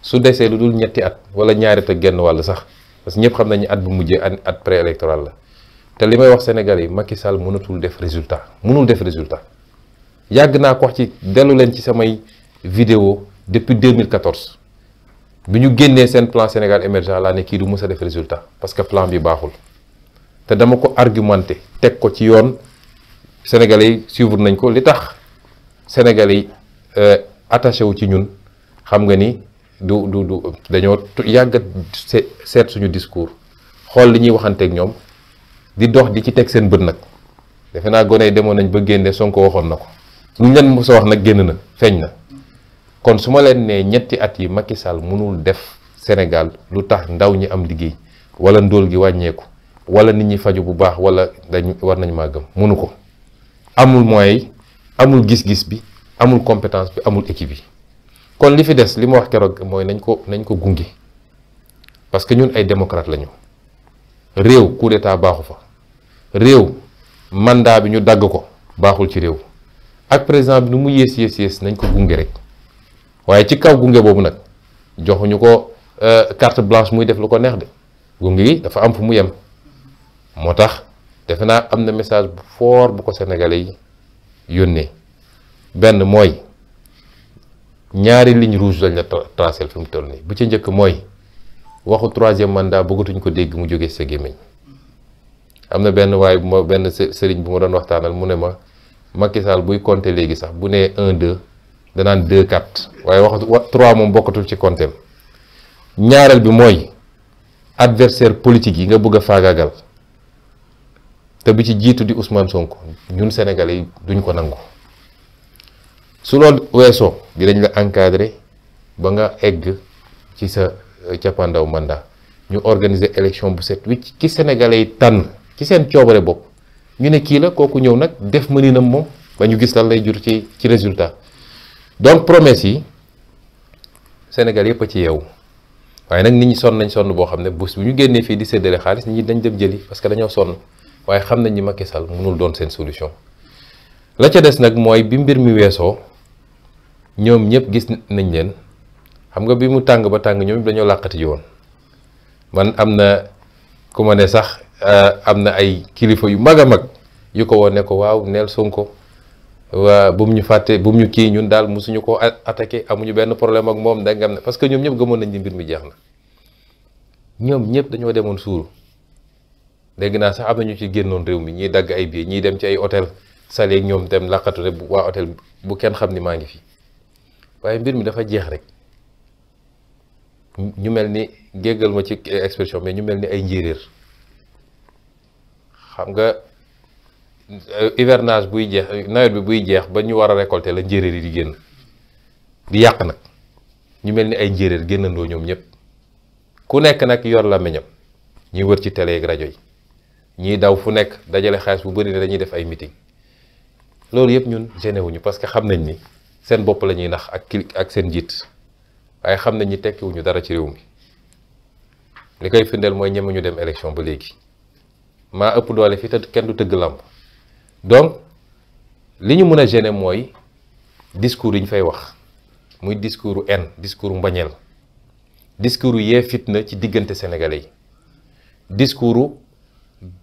su desee lu dul ñetti at wala ñaaree te genn wàll sax parce que ñëpp xam nañu at bu mujjee at pré électoral la te li may wax Sénégal yi Macky Sall mënatul def résultat mënul def résultat yàgg naa ko wax ci dellu leen ci samay vidéo depuis 2014 bi ñu génnee seen plan Sénégal émergent laa ne kii du mës a def résultat parce que plan bi baaxul te dama ko argumenté teg ko ci yoon. sénégal yi suivre nañ ko li tax sénégal yi euh, attaché wu ci ñun xam nga ni du du du dañoo yàgg seet suñu discours xool li ñuy waxanteeg ñoom di dox di ci teg seen bët nag defe naa gone yi demoon nañ ba génne Sonko waxoon na ko luñ leen mos a wax nag génn na feeñ na kon su ma leen nee ñetti at yi Macky Sall mënul def Sénégal lu tax ndaw ñi am liggéey wala ndóol gi wàññeeku wala nit ñi faju bu baax wala dañ war nañ maa gëm mënu ko. amul moyens yi amul gis-gis bi amul compétence bi amul équipe yi kon li fi des li ma wax keroog mooy nañ ko nañ ko gunge parce que ñun ay démocrate lañu réew coup baaxu fa réew mandaa bi ñu dagg ko baaxul ci réew ak président bi nu mu yées yées yées nañ ko gunge rek waaye ci kaw gunge boobu nag joxuñu ko euh, carte blanche muy def lu ko neex de gunge gi dafa am fu mu yem moo tax defe naa am na message bu fort bu ko sénégalais yi benn mooy ñaari ligne rouge lañ la tracé fi mu toll nii bu ci njëkk mooy waxu troisième mandat bëggatuñ ko dégg mu jóge sa gémmiñ am na benn waaye bu ma benn sëriñ bu ma doon waxtaanal mu ne ma Macky buy compter léegi sax bu nee un deux danaan deux quatre waaye waxu trois moom bokkatul ci compter ñaareel bi mooy adversaire politique yi nga bëgg a faagaagal. te bi ci jiitu di Ousmane Sonko ñun Sénégalais yi duñ ko nangu su loolu weesoo dinañ la encadrer ba nga egg ci sa euh, cappandaw mandat ñu organiser élection bu set wicc ki Sénégalais yi tànn ci seen coobare bopp ñu ne kii la kooku ñëw nag def mëninam moom ba ñu gis lan lay jur ci ci résultat donc promesse yi Sénégal yëpp a ci yeewu waaye nag nit ñi sonn nañ sonn boo xam ne bés bu ñu génnee fii di séddale xaalis nit ñi dañ dem jëli parce que dañoo sonn. waaye xam nañ ni Macky Sall mënul doon seen solution la ca des nag mooy bi mbir mi weesoo ñoom ñëpp gis nañ leen xam nga bi mu tàng ba tàng ñoom dañoo làqati ji woon man am na ku ne sax euh, am na ay kilifa yu mag a mag yu ko woon ne ko waaw neel Sonko waa bu mu ñu fàtte bu mu ñu kii ñun daal mosuñu koo attaqué amuñu benn problème ak moom dangam ne parce que ñoom ñëpp gëmoon nañ ni mbir mi jeex na ñoom ñëpp dañoo demoon suuru dégg naa sax am na ñu ci génnoon réew mi ñuy dagg ay billets ñuy dem ci ay hôtel sale ñoom dem laqatu bu waa hôtel bu kenn xam ni maa ngi fi waaye mbir mi dafa jeex rek ñu mel ni géggal ma ci expression mais ñu mel ni ay njéeréer xam nga euh, hivernage buy jeex nawet bi buy jeex ba ñu war a récolter la njéeréer yi di génn di yàq nag ñu mel ni ay njéeréer génnandoo ñoom ñëpp ku nekk nag yor la meñam ñuy wër ci télé rajo yi ñiy daw fu nekk dajale xaalis bu bari ne dañuy def ay meeting loolu yëpp ñun gêné wuñu parce que xam nañ ni seen bopp la ñuy nax ak kii ak seen njiit waaye xam nañ ni tekkiwuñu dara ci réew mi li koy findeel mooy ñemuñu dem élection ba léegi maa ëpp doole fii te kenn du tëgg làmp donc li ñu mën a gene mooy discours yi ñu fay wax muy discours en discours mbañeel discours yee fitna ci diggante sénégalais yi discours.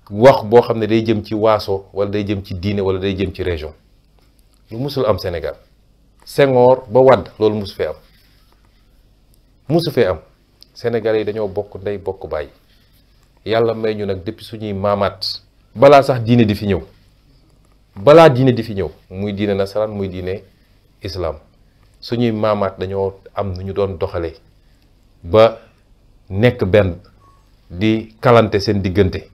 wax boo xam ne day jëm ci waaso wala day jëm ci diine wala day jëm ci région lu musul am senegal Senghor ba Wàdd loolu musu fee am musu fee am senegal yi dañoo bokk ndey bokk bàyyi yàlla may ñu nag depuis suñuy maamaat balaa sax diine di fi ñëw balaa diine di fi ñëw muy diine nasaraan muy diine islaam suñuy maamaat dañoo am nu ñu doon doxalee ba nekk benn di kalante seen diggante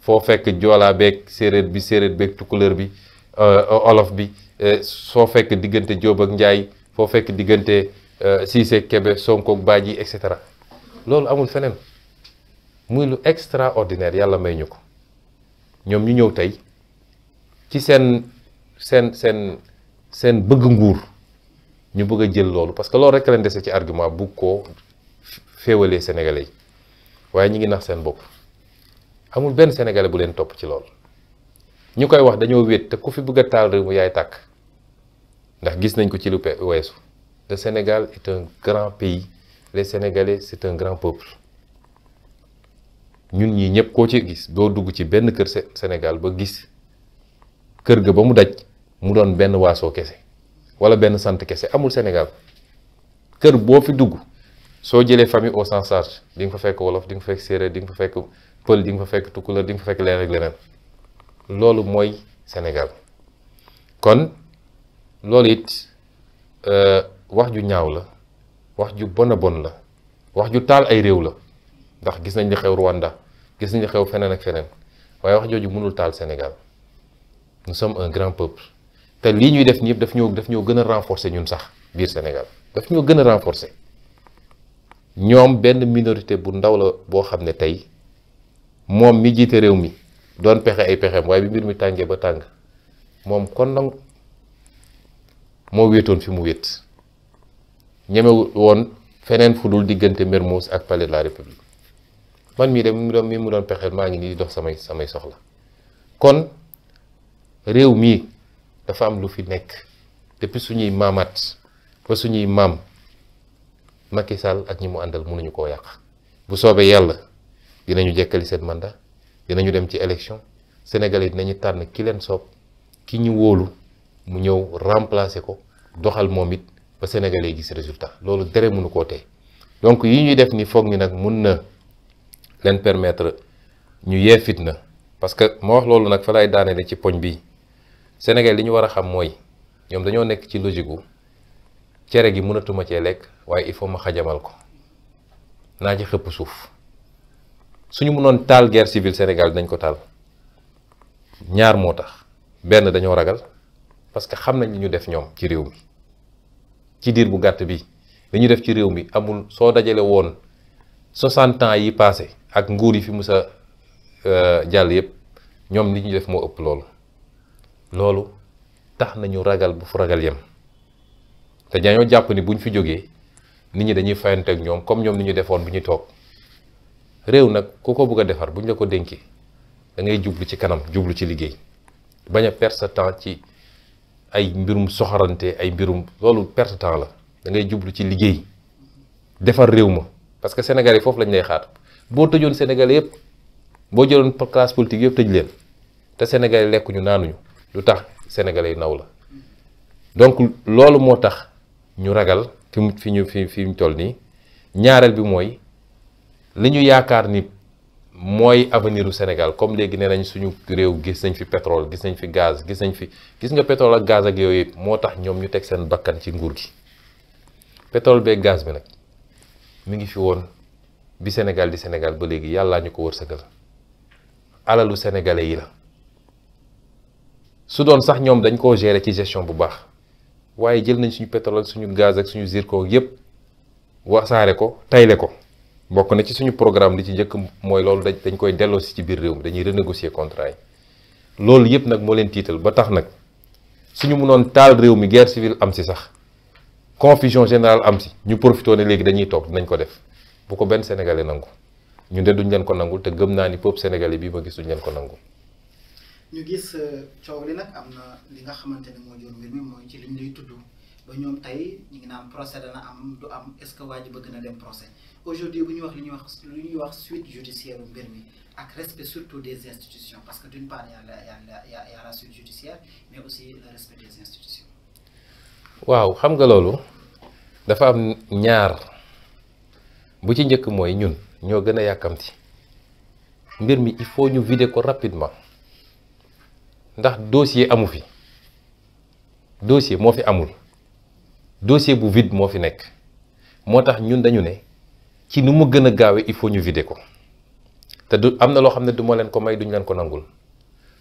foo fekk joolaa beeg séeréer bi séeréer beeg tukkuleur bi euh, olof bi euh, soo fekk diggante Jóob ak Njaay foo fekk diggante Siise euh, Kebe Sonko Baaji et cetera loolu amul feneen muy lu extraordinaire yàlla may ñu ko ñoom ñu ñëw tey ci seen seen seen seen bëgg nguur ñu bëgg a jël loolu parce que loolu rek leen dese ci argument bu ko féewalee sénégalais yi waaye ñu ngi nax seen bopp amul benn sénégalais bu leen topp ci lool ñu koy wax dañoo wéet te ku fi bëgg a taal réew mu yaay tàkk ndax gis nañ ko ci lu weesu le Sénégal est un grand pays les Sénégalais c'est un grand peuple ñun ñii ñëpp koo ci gis doo dugg ci benn kër Sénégal ba gis kër ga ba mu daj mu doon benn waasoo kese wala benn sant kese amul Sénégal kër boo fi dugg soo jëlee famille au sens large di fa fekk wolof di fa fekk séeréer di nga fa fekk pël di nga fa fekk tukkuleur di nga fa fekk leneen ak leneen loolu mooy Sénégal kon loolu it euh, wax ju ñaaw la wax ju bon a bon la wax ju taal ay réew la ndax gis nañ li xew Rwanda gis nañ li xew feneen ak feneen waaye wax jooju mënul taal Sénégal nous sommes un grand peuple te lii ñuy def ñëpp daf ñoo daf ñoo gën a renforcer ñun sax biir Sénégal daf ñoo gën a renforcer ñoom benn minorité bu ndaw la boo xam ne tey moom mi jiite réew mi doon pexe ay pexeem waaye bi mbir mi tàngee ba tàng moom kon nag moo wéetoon fi mu wéet ñeme woon feneen fu dul diggante Mermoz ak palais de la république man mii de mi mu doon mi mu doon pexeel maa ngi nii dox samay samay soxla kon réew mii dafa am lu fi nekk depuis suñuy maamaat fa suñuy maam Macky Sall ak ñi mu àndal mënuñu koo yàq bu soobee yàlla. dinañu jekkali seen mandat dinañu dem ci élection Sénégal yi dinañu tànn ki leen soob ki ñu wóolu mu ñëw remplacer ko doxal moom it ba Sénégal yi gis résultat loolu dere mënu koo tey donc yi ñuy def ni foog ni nag mun na leen permettre ñu yee na parce que ma wax loolu nag fa lay daanele ci poñ bi Sénégal li ñu war a xam mooy ñoom dañoo nekk ci logique cere gi mënatuma cee lekk waaye il faut ma xajamal ko naa ci xëpp suuf. suñu mënoon taal guerre civile Sénégal dañ ko taal ñaar moo tax benn dañoo ragal parce que xam nañ li ñu def ñoom ci réew mi ci diir bu gàtt bi li ñu def ci réew mi amul soo dajalee woon soixante ans yi passé ak nguur yi fi mus a euh, jàll yëpp ñoom li ñu def moo ëpp loolu loolu tax nañu ragal bu fu ragal yem te dañoo jàpp ni ñu fi jógee nit ñi dañuy fayante ak ñoom comme ñoom ni ñu defoon bi ñuy toog réew nag ku ko bëgg a defar bu ñu la ko dénkee da ngay jublu ci kanam jublu ci liggéey bañ a perte sa temps ci ay mbirum soxorante ay mbirum loolu perte temps la dangay jublu ci liggéey defar réew ma parce que Sénégal yi foofu lañ lay xaar boo tëjoon Sénégal yëpp boo jëloon classe politique yëpp tëj leen te Sénégal yi lekkuñu naanuñu lu tax sénégalais yi naw la donc loolu moo tax ñu ragal fi mu fi ñu fi fi mu toll nii ñaareel bi mooy. li ñu yaakaar ni mooy avenir u comme léegi nee nañ suñu réew gis nañ fi pétrole gis nañ fi gaz gis nañ fi gis nga pétrole ak gaz ak yooyu moo tax ñoom ñu teg seen bakkan ci nguur gi pétrole beeg gaz bi nag mu ngi fi woon bi Sénégal di Sénégal ba léegi yàllaa ñu ko wërsëgal alalu sénégalais yi la su doon sax ñoom dañ koo gérer ci gestion bu baax waaye jël nañ suñu pétrole suñu gaz ak suñu zircon yépp wasaare ko tayle ko. bokk na ci suñu programme li ci njëkk mooy loolu dañ dañ koy delloo si ci biir réew mi dañuy renégocier contrat yi loolu yëpp nag moo leen tiital ba tax nag suñu mënoon taal réew mi guerre civile am si sax confusion générale am si ñu profitoo ne léegi dañuy toog dinañ ko def bu ko benn sénégalais nangu ñu de duñ leen ko nangul te gëm naa ni peuple sénégalais bii ma gis duñ leen ko nangu. ñu gis euh, coow li nag am na li nga xamante ne moo jur mbir mi mooy ci liñ lay tudd ba ñoom tey ñu ngi naan procès dana am du am est-ce aujourd'hui bu ñu wax lu ñuy wax lu ñuy wax suite judiciaire bu mbir mi ak respect surtout des institutions parce que d'une part y a suite judiciaire mais aussi respect des institutions. waaw xam nga loolu dafa am ñaar bu ci njëkk mooy ñun ñoo gën a yàkkamti mbir mi il faut ñu vider ko rapidement ndax dossier amu fi dossier moo fi amul dossier bu vide moo fi nekk moo tax ñun dañu ne. ci nu mu gën a gaawee il faut ñu vider ko te du am na loo xam ne du ma leen ko may duñu leen ko nangul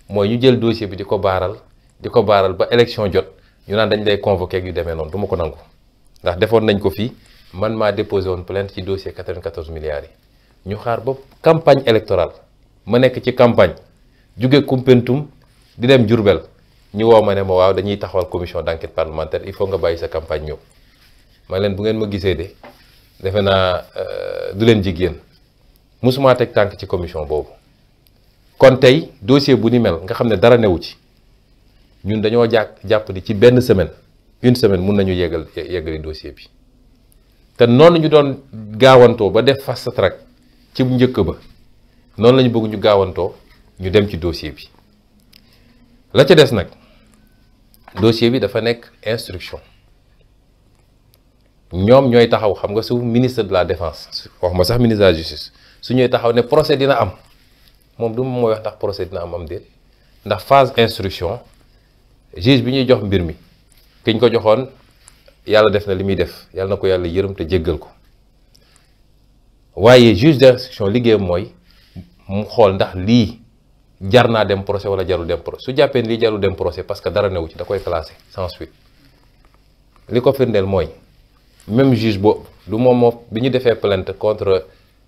mooy ñu jël dossier bi di ko baaral di ko baaral ba élection jot ñu naan dañ lay convoqué ak yu demee noonu du ma ko nangu ndax defoon nañ ko fii man maa déposé woon plainte ci dossier 94 milliards yi ñu xaar ba campagne électorale ma nekk ci campagne jóge Koumpentoum di dem Diourbel ñu woo ma ne ma waaw dañuy taxawal commission d' enquête parlementaire nga bàyyi sa campagne ñëw ma leen bu ngeen ma gisee de. defe naa euh, du leen jigéen yéen mosuma teg tànk ci commission boobu kon tey dossier bu ni mel nga xam ne dara newu ci ñun dañoo jàpp jàpp ni ci benn semaine une semaine mun nañu yeggal yeggali dossier bi te noonu ñu doon gaawantoo ba def fast track ci njëkk ba noonu lañu bëgg ñu gaawantoo ñu dem ci dossier bi la ca des nag dossier bi dafa nekk instruction ñoom ñooy taxaw xam nga su ministre de la défense wax ma sax ministre de la justice su ñooy taxaw ne procès dina am moom du moom mooy wax tax procès dina am am déet ndax phase instruction juge bi ñuy jox mbir mi kiñ ko joxoon yàlla def na li muy def yàlla na ko yàlla yërëm te jéggal ko waaye juge d'instruction liggéeyam mooy mu xool ndax lii jar naa dem procès wala jarul dem procès su jàppee lii jarul dem procès parce que dara newu ci da koy classé sans suite li ko firndeel mooy. même juge boobu du moom moo bi ñu defee plainte contre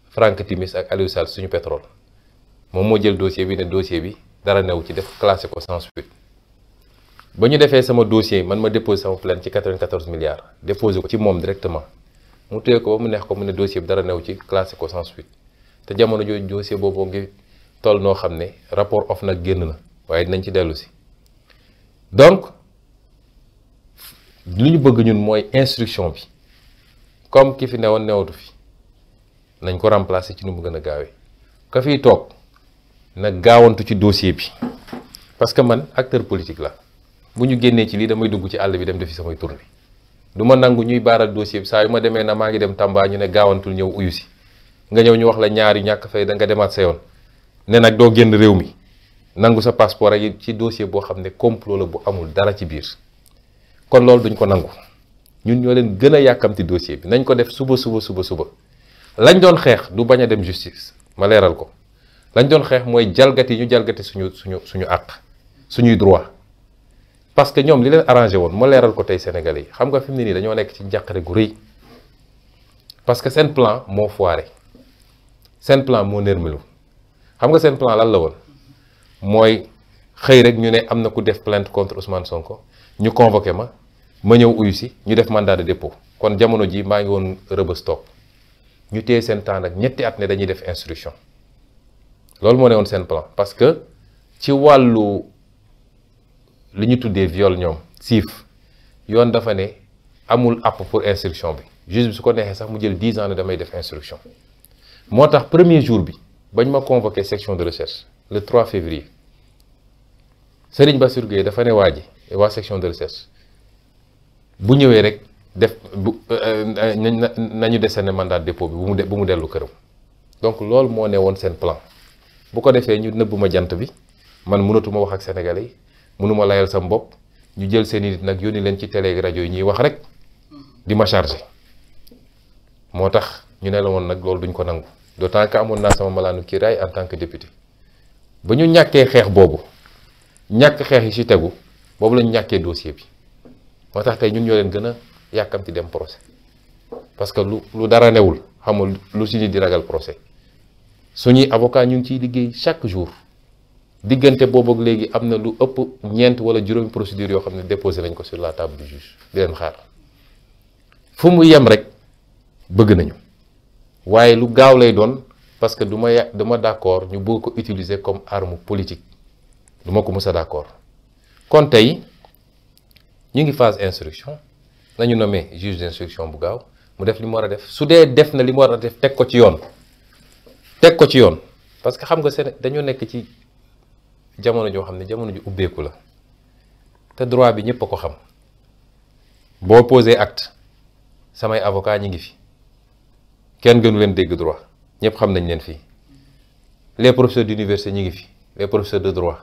Franck Timis ak Aliou Sall suñu pétrole moom moo jël dossier bi ne dossier bi dara new ci def classé ko sans suite ba ñu defee sama dossier man ma déposé sama plainte ci 94 milliards déposé ko ci moom directement mu téye ko ba mu neex ko mu ne dossier bi dara new ci classé ko sans suite te jamono jooju dossier booboo ngi toll noo xam ne rapport of nag génn na waaye dinañ ci dellu si donc li ñu bëgg ñun mooy instruction bi. comme kii fi newoon newatu fi nañ ko remplacer ci nu mu gën a gaawee ka fiy toog nag gaawantu ci dossier bi parce que man acteur politique la bu ñu génnee ci lii damay dugg ci àll bi dem defi samay tournée du ma nangu ñuy baaral dossier bi saa yu ma demee na maa ngi dem Tamba ñu ne gaawantul ñëw uyu si nga ñëw ñu wax la ñaar yu ñàkk fay da nga demaat sa yoon ne nag doo génn réew mi nangu sa passeport ak ci dossier boo xam ne complot la bu amul dara ci biir kon loolu duñ ko nangu. ñun ñoo leen gën a yàkkamti dossier bi nañ ko def suba suba suba suba lañ doon xeex du bañ a dem justice ma leeral ko lañ doon xeex mooy jalgati ñu jalgati suñu suñu suñu àq suñuy droit parce que ñoom li leen arrangé woon ma leeral ko tey sénégal yi xam nga fim mu ne nii dañoo nekk ci njàqare gu rëy parce que seen plan moo foiré seen plan moo nërmelu xam nga seen plan lan la woon mooy xëy rek ñu ne am na ku def plainte contre Ousmane Sonko ñu convoqué ma. ma ñëw uyu si ñu def mandat de dépôt kon jamono ji maa ngi woon rëbës toog ñu téye seen temps nag ñetti at ne dañuy def instruction loolu moo ne woon seen plan parce que ci wàllu li ñu tuddee viol ñoom siif yoon dafa ne amul app pour instruction bi juge bi su ko neexee sax mu jël dix ans ne damay def instruction moo tax premier jour bi bañ ma convoqué section de recherche le 3 février Serigne ba Gueye dafa ne waa ji waa section de recherche bu ñëwee rek def bu euh, euh, nañu def seen de dépôt bi bu mu bu mu dellu këram donc loolu moo ne woon seen plan bu ko defee ñu nëbb ma jant bi man mënatuma wax ak sénégalais yi mënuma layal sam bopp ñu jël seen i nit nag yónni leen ci télé rajo yi ñuy wax rek di ma moo tax ñu ne la woon nag loolu duñ ko nangu d'autant que amoon naa sama malaanu kiiraay en tant que député ba ñu ñàkkee xeex boobu ñàkk xeex yi ci tegu boobu lañu ñàkkee dossier bi moo tax tey ñun ñoo leen gën a yàkkamti dem procès parce que lu lu dara newul xamul lu si nit di ragal procès suñuy avocat ñu ngi ciy liggéey chaque jour diggante boobu léegi am na lu ëpp ñeent wala juróomi procédure yoo xam ne déposé nañ ko sur la table du juge di leen xaar fu mu yem rek bëgg nañu waaye lu gaaw lay doon parce que du ma ya duma d'accord ñu bëgg ko utiliser comme arme politique du ma ko mës a d'accord kon tey ñu ngi phase instruction nañu nommé juge d'instruction bu gaaw mu def li mu war a def su dee def na li mu war a def teg ko ci yoon teg ko ci yoon parce que xam nga seen dañoo nekk ci jamono joo xam ne jamono ju ubbeeku la te droit bi ñëpp a ko xam boo posé acte samay avocat ñi ngi fi kenn gënu leen dégg droit ñëpp xam nañ leen fii les professeurs d'université ñi ngi fi les professeurs de droit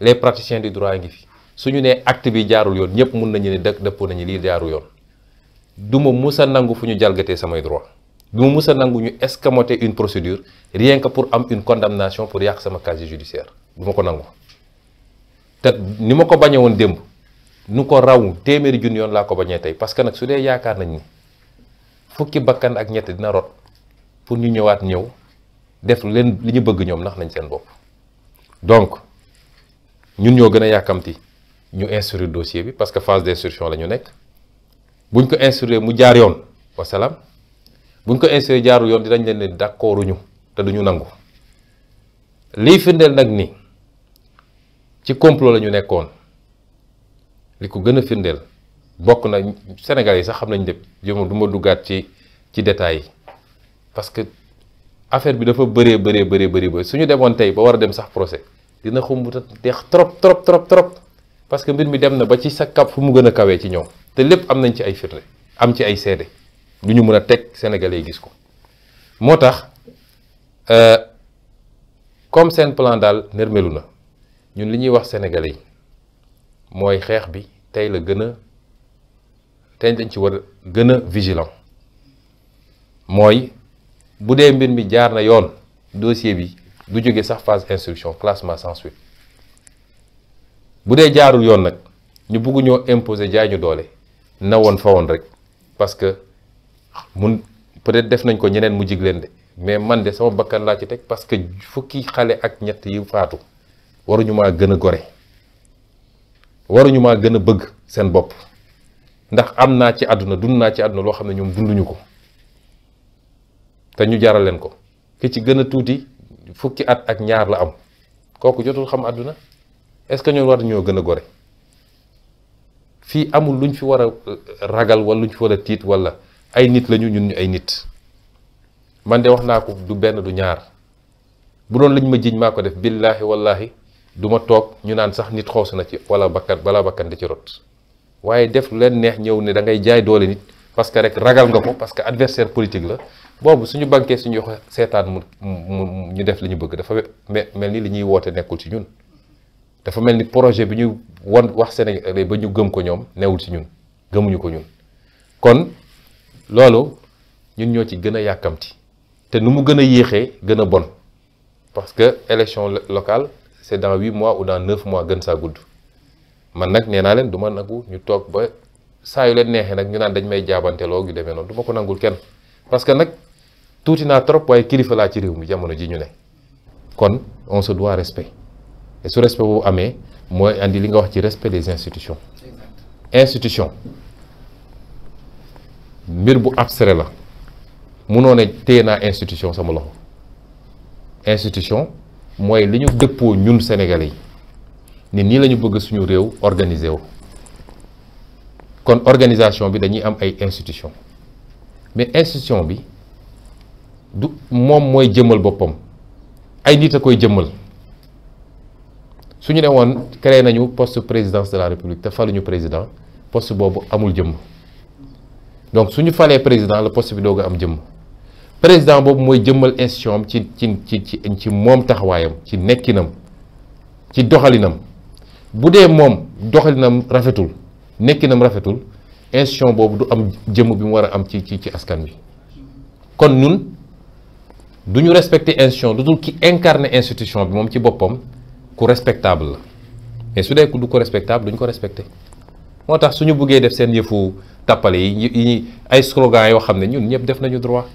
les praticiens du droit ngi fi su ñu nee acte bi jaarul yoon ñëpp mun nañu ne dëkk dëppoo nañu lii jaarul yoon du ma mus nangu fu ñu jalgatee samay droit du ma mus nangu ñu escamoter une procédure rien que pour am une condamnation pour yàq sama casier judiciaire du ma ko nangu te ni ma ko bañee woon démb nu ko raw téeméeri junni yoon laa ko bañee tey parce que nag su dee yaakaar nañ ni fukki bakkan ak ñett dina rot pour ñu ñëwaat ñëw def leen li ñu bëgg ñoom ndax nañ seen bopp donc ñun ñoo gën a yàkkamti ñu instruire dossier bi parce que phase d'instruction la ñu nekk buñ ko instruire mu jaar yoon wasalaam buñ ko instruire jaarul yoon dinañ leen ne d'accorduñu te duñu nangu lii firndeel nag ni ci complot la ñu nekkoon li ko gën a firndeel bokk na Sénégal yi sax xam nañ lépp yow du ma duggaat ci ci détails yi parce que affaire bi dafa bëree bëree bëree bëri suñu demoon tey ba war a dem sax procès dina xumb deex trop trop trop trop. parce que mbir mi dem na ba ci sa kap fu mu gën a kawee ci ñoom te lépp am nañ ci ay firnde am ci ay seede lu ñu mën a teg sénégalais gis ko moo tax euh, comme seen plan daal nërmelu na ñun li ñuy wax sénégalais mooy xeex bi tey la gën a tey lañ ci war gën a vigilant mooy bu dee mbir mi jaar na yoon dossier bi du jógee sax phase instruction classement sans suite bu dee jaarul yoon nag ñu bugg ñoo imposer jaay ñu doole na woon fa woon rek parce que mun peut-être def nañ ko ñeneen mu jig leen de mais man de sama bakkan laa ci teg parce que fukki xale ak ñett yi faatu waruñu maa gën a gore waruñu maa gën a bëgg seen bopp ndax am naa ci àdduna dund naa ci àdduna loo xam ne ñoom dunduñu ko te ñu jaral leen ko ki ci gën a tuuti fukki at ak ñaar la am kooku jotul xam àdduna est-ce que ñoom war ñoo gën a gore fii amul luñ fi war a euh, ragal wala luñ fi war a tiit walla ay nit lañu ñun ñu ay nit man de wax naa ko du benn du ñaar bu doon lañ ma jiiñ maa ko def billaahi wallaahi du ma toog ñu naan sax nit xoos na ci wala bakkan balaa bakkan di ci rot waaye def leen neex ñëw ne da ngay jaay doole nit parce que rek ragal nga ko parce que adversaire politique la boobu suñu banquee suñu seetaan mu mu ñu def li ñu bëgg dafa mel ni li ñuy woote nekkul ci ñun dafa mel ni projet bi ñu wan wax Sénégalais ba ñu gëm ko ñoom newul ci ñun gëmuñu ko ñun kon loolu ñun ñoo ci gën a yàkkamti te nu mu gën a yéexee gën a bon parce que élection locale c'est dans huit mois ou dans neuf mois gën saa gudd man nag nee naa leen du ma nangu ñu toog ba saa yu leen neexee nag ñu naan dañ may jaabanteloo yu demee noonu du ma ko nangul kenn parce que nag tuuti naa trop waaye kilifa laa ci réew mi jamono ji ñu ne kon on se doit respect su respect boobu amee mooy indi li nga wax ci respect des institutions institution mbir bu abstrait la munoo ne téye naa institution sama loxo institution mooy li ñu dëppoo ñun sénégalais yi ni nii la ñu bëgg suñu réew organiser wu kon organisation bi dañuy am ay institution mais institution bi du moom mooy jëmmal boppam ay nit a koy jëmmal su ñu ne woon créé nañu poste présidence de la république te faluñu président poste boobu amul jëmm donc su ñu falee président la poste bi doog am jëmm président boobu mooy jëmmal institution am ci ci ci ci moom taxawaayam ci nekkinam ci doxalinam bu dee moom doxalinam rafetul nekkinam rafetul institution boobu du am jëmm bi mu war a am ci ci ci askan bi kon ñun du ñu respecter institution lu dul ki incarne institution bi moom ci boppam. ku respectable la mais su dee du ko respectable duñ ko respecté moo tax suñu buggee def seen yëfu tappale yi ay slogan yoo xam ne ñun ñëpp def nañu droit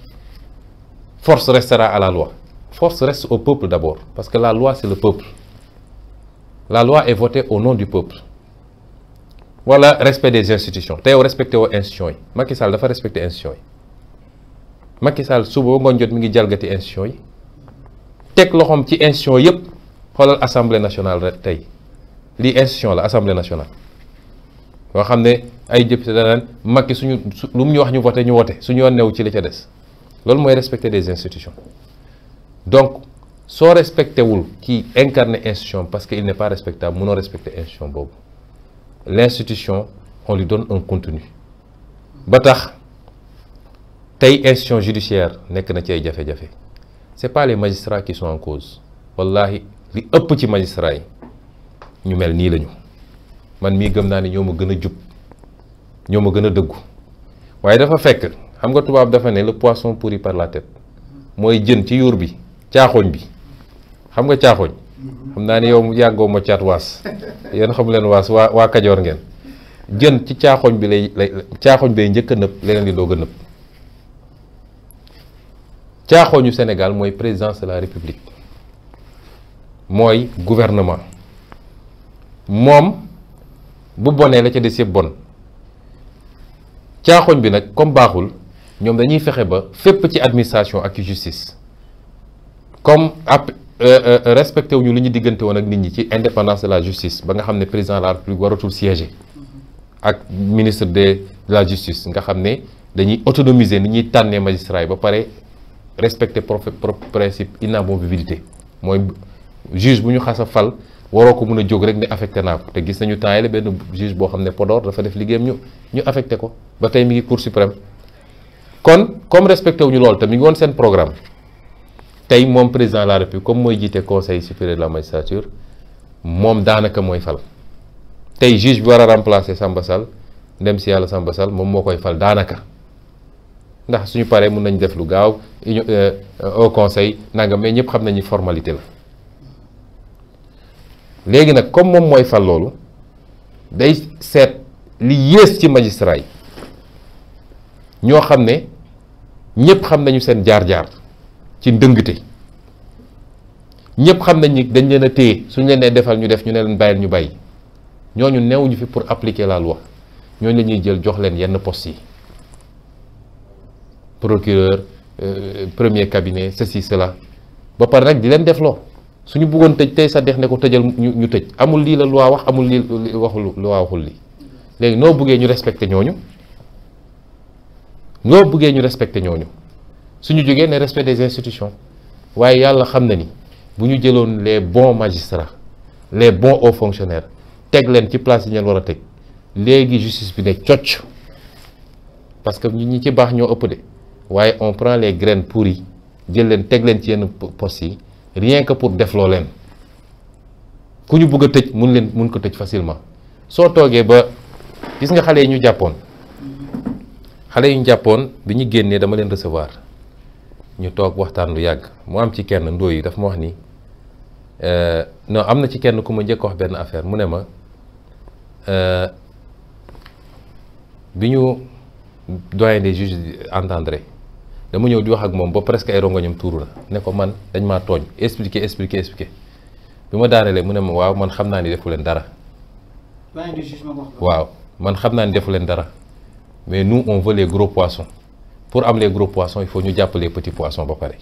force restera à la loi force reste au peuple d'abord parce que la loi c'est le peuple la loi est votée au nom du peuple wala voilà, respect des institutions te yow respecté woo institutions yi Macky dafa respecté institutions yi Macky Sall suba ngoon jot mi ngi jalgati institutions yi teg loxoom ci institutions yëpp xoolal assemblée nationale rek tey lii institution la assemblée nationale yoo xam ne ay député danaan Macky suñu su lu mu ñu wax ñu voté ñu voté suñu yoon new ci la ca des loolu mooy respecter des institutions donc soo respecté wul kii incarne institution parce que il n'est pas respectable mënoo respecter institution boobu l'institution on lui donne un contenu ba tax tey institution judiciaire nekk na ci ay jafe-jafe c'est pas les magistrats qui li ëpp ci magistrat ñu mel nii lañu man mii gëm naa ne ñoo ma gën a jub ñoo ma gën a dëggu waaye dafa fekk xam nga tubaab dafa ne le poisson pourri par la tête mooy jën ci yuur bi caaxooñ bi xam nga caaxooñ xam naa ne yow yàggoo ma caat waas yéen xamu leen waas waa waa kajoor ngeen jën ci caaxoñ bi lay lay caaxooñ bay njëkk a nëb leneen li doog a nëb caaxooñu Sénégal mooy présidence de la République mooy gouvernement moom bu bonee la ca des yëpp bon caaxoñ bi nag comme baaxul ñoom dañuy fexe ba fépp ci administration ak justice comme ab euh, euh, respecté wuñu li ñu diggante woon ak nit ñi ci indépendance de la justice ba nga xam ne président la république waratul siéger ak ministre de la justice nga xam ne dañuy autonomiser ni ñuy tànnee magistrat yi ba pare respecter propre principe inamovibilité mooy juge bu ñu xas a fal waroo ko mun a jóg rek ne affecté naa ko te gis nañu temps yële benn juge boo xam ne Podor dafa def liggéeyam ñu ñu affecté ko ba tey mi ngi cour suprême kon comme respecté wuñu loolu te mi ngi woon seen programme tey moom président de la république comme mooy jiite conseil supérieur de la magistrature moom daanaka mooy fal tey juge bi war a remplacer Samba Sall ndem si yàlla Samba Sall moom moo koy fal daanaka ndax suñu paree mun nañ def lu gaaw euh, euh, au conseil nanga mais ñëpp xam nañu formalité la. léegi nag comme moom mooy fal loolu day seet li yées ci magistrat yi ñoo xam ne ñëpp xam nañu seen jaar-jaar ci ndëngte ñëpp xam nañ nit dañ leen a téye suñu leen dee defal ñu def ñu ne leen bàyyil ñu bàyyi ñooñu neewuñu fi pour appliquer laal loi ñooñu la ñuy jël jox leen yenn poste yi procureur euh, premier cabinet ceci la ba pare nag di leen def loo suñu buggoon tëj tey sa dex ne ko tëjal ñu ñu tëj amul lii la lu loi wax amul lii waxul loi waxul lii léegi noo buggee ñu respecté ñooñu noo bëggee ñu respecté ñooñu suñu jógee ne respect des institutions waaye yàlla xam na ni bu ñu jëloon les bons magistrats les bons hauts fonctionnaires teg leen ci place yi ñu war a teg léegi justice bi ne cocc parce que ñi ci baax ñoo ëpp de waaye on prend les pour pourries jël leen teg leen ci yenn postes yi rien que pour def loo leen ku ñu bëgg a tëj mun leen mun ko tëj facilement soo toogee ba gis nga xale yi ñu jàppoon xale yi ñu jàppoon bi ñu génnee dama leen recevoir ñu toog waxtaan lu yàgg mu am ci kenn ndóo yi daf ma wax ni euh, non am na ci kenn ku ma njëkk wax benn affaire mu ne ma euh, bi ñu doyen des juges entendre dama ñëw di wax ak moom ba presque ay rongoñam tuuru la ne ko man dañ maa tooñ expliquer expliquer expliquer bi ma daanalee mu ne ma waaw man xam naa ni defu leen dara. waaw man xam naa ni defu leen dara mais nous on veut les gros pour am les gros poissons il ñu jàpp les petits ba pare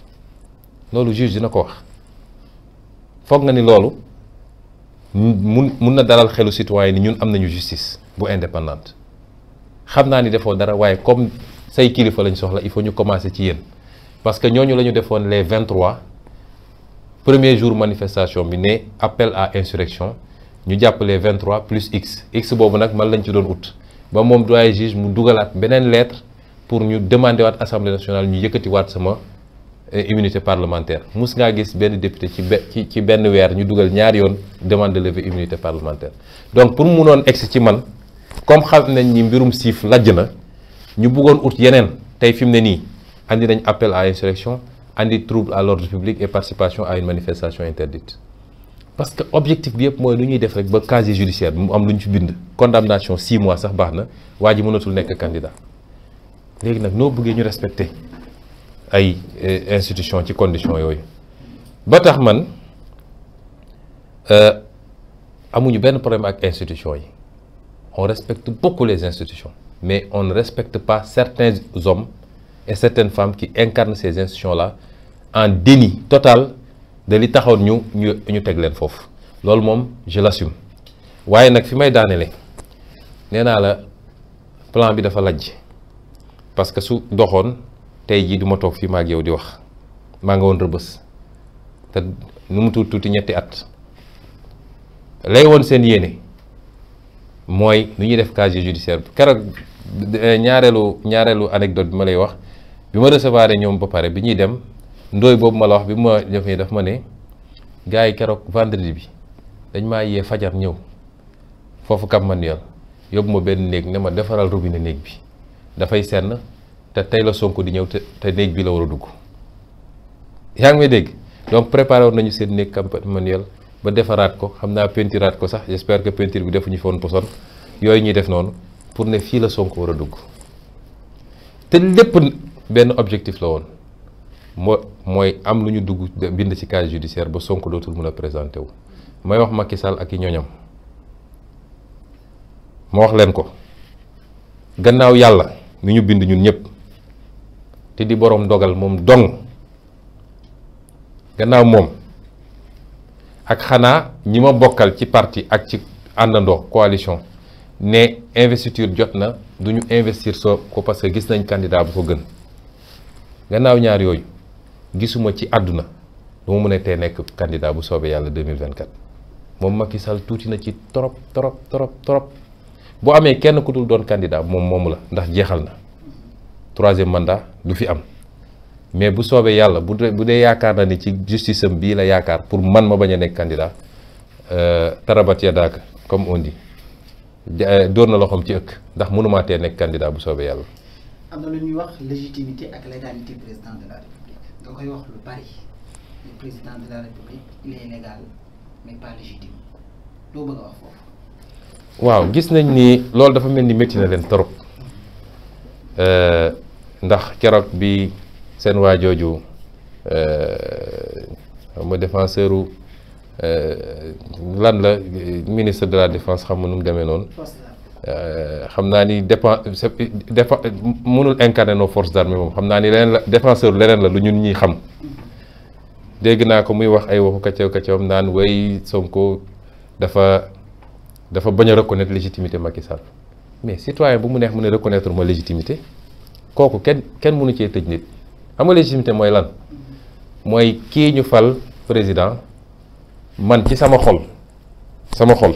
loolu juge dina ko wax foog nga ni loolu mun mun na dalal xelu citoyen ni ñun am nañu justice bu indépendante xam naa ni defoo dara waaye comme. say kilifa lañ soxla il faut ñu commencer ci yéen parce que ñooñu lañu ñu defoon les 23 premier jour manifestation bi ne appel à insurrection ñu jàppale les 23 plus x x boobu nag man lañ ci doon ut ba moom doyen juge mu dugalaat beneen leetre pour ñu demander waat assemblée nationale ñu yëkkati waat sama eh, immunité parlementaire mus ngaa gis benn député ci ci ci benn weer ñu dugal ñaari yoon demande de lever immunité parlementaire donc pour mu munoon egsi ci man comme nañ ni mbirum siif lajj na. ñu bëggoon ut yeneen tey fi mu ne nii andi nañ appel à insurrection andi trouble à l'ordre public et participation à une manifestation interdite parce que objectif bi yëpp mooy lu ñuy def rek ba casier judiciaire bi mu am lu ñu ci bind condamnation 6 mois sax baax na waa ji mënatul nekk candidat léegi nag noo bëggee ñu respecter ay eh, institution ci condition yooyu ba tax man euh, amuñu benn problème ak institution yi on respecte bokk les institutions mais on ne respecte pas certains hommes et certaines femmes ki incarnent ces institutions-là en déni total dali li taxoon ñu ñu teg leen foofu loolu moom je l'assume waaye nag fi may daanele nee naa la plan bi dafa lajj parce que su doxoon tey jii du ma toog fii maag yow di wax maa nga woon rëbës te nu mu tuuti tuuti ñetti at lay woon seen yéene mooy nu ñuy def casier judiciaire keroog ñaareelu ñaareelu anecdote bi ma lay wax bi ma recevoir ñoom ba pare bi ñuy dem ndooy boobu ma la wax bi ma def nii daf ma ne gars yi keroog vendredi bi dañ ma yee fajar ñëw foofu Cap Manuel yóbbu ma benn néeg ne ma defaral robinet néeg bi dafay senn te tey la Sonko di ñëw te te néeg bi la war a dugg yaa ngi may dégg donc préparé woon nañu seen néeg camp Manuel ba defaraat ko xam naa peintiraat ko sax j'espère que peinture bi defuñu foon poson yooyu ñuy def noonu pour ne fii la sonk war a dugg te lépp benn objectif la woon moo mooy am lu ñu dugg bind ci casier judiciaire ba Sonko dootul mën a présenté wu may wax Macky Sall ak i ñooñam ma wax leen ko gannaaw yàlla mi ñu bind ñun ñëpp te di boroom dogal moom dong gannaaw moom ak xanaa ñi ma bokkal ci parti ak ci àndandoo coalition ne investiture jot na du ñu investir soo ko parce que gis nañ candidat bu ko gën gannaaw ñaar yooyu gisuma ci àdduna lu mu mën a tee nekk candidat bu soobee yàlla 2024 moom Macky Sall tuuti na ci trop trop trop trop boo amee kenn ku dul doon candidat moom moomu la ndax jeexal na troisième mandat du fi am mais bu soobee yàlla bu dee bu dee yaakaar na ni ci justice am bii la yaakaar pour man ma bañ a nekk candidat euh, tarabat ya daaka comme on di Eh, dóor na loxoom ci ëkk ndax mënumaa tee nekk candidat bu soobee yàlla. am na lu ñuy wax légitimité ak légalité président de la république nga koy wax lu bari le président de la république il est légal mais pas légitime loo bëgg a wax foofu. waaw gis nañ ni loolu dafa mel ni métti na leen trop eh, ndax keroog bi seen waa jooju xam eh, nga défenseur u Euh, lan la euh, ministre de la défense xam nga nu mu demee noonu. Euh, xam naa ni dépend défense mënul incarner nos forces armées moom xam naa ni leneen la défenseur leneen la lu ñun ñuy xam. dégg naa ko muy wax ay waxu kacaw kacawam naan way Sonko dafa dafa bañ a reconnaître légitimité Macky Sall mais citoyen bu mu neex mu ne reconnaître ma légitimité kooku kenn kenn mënu cee tëj nit xam nga légitimité mooy lan mooy kii ñu fal président. man ci sama xol sama xol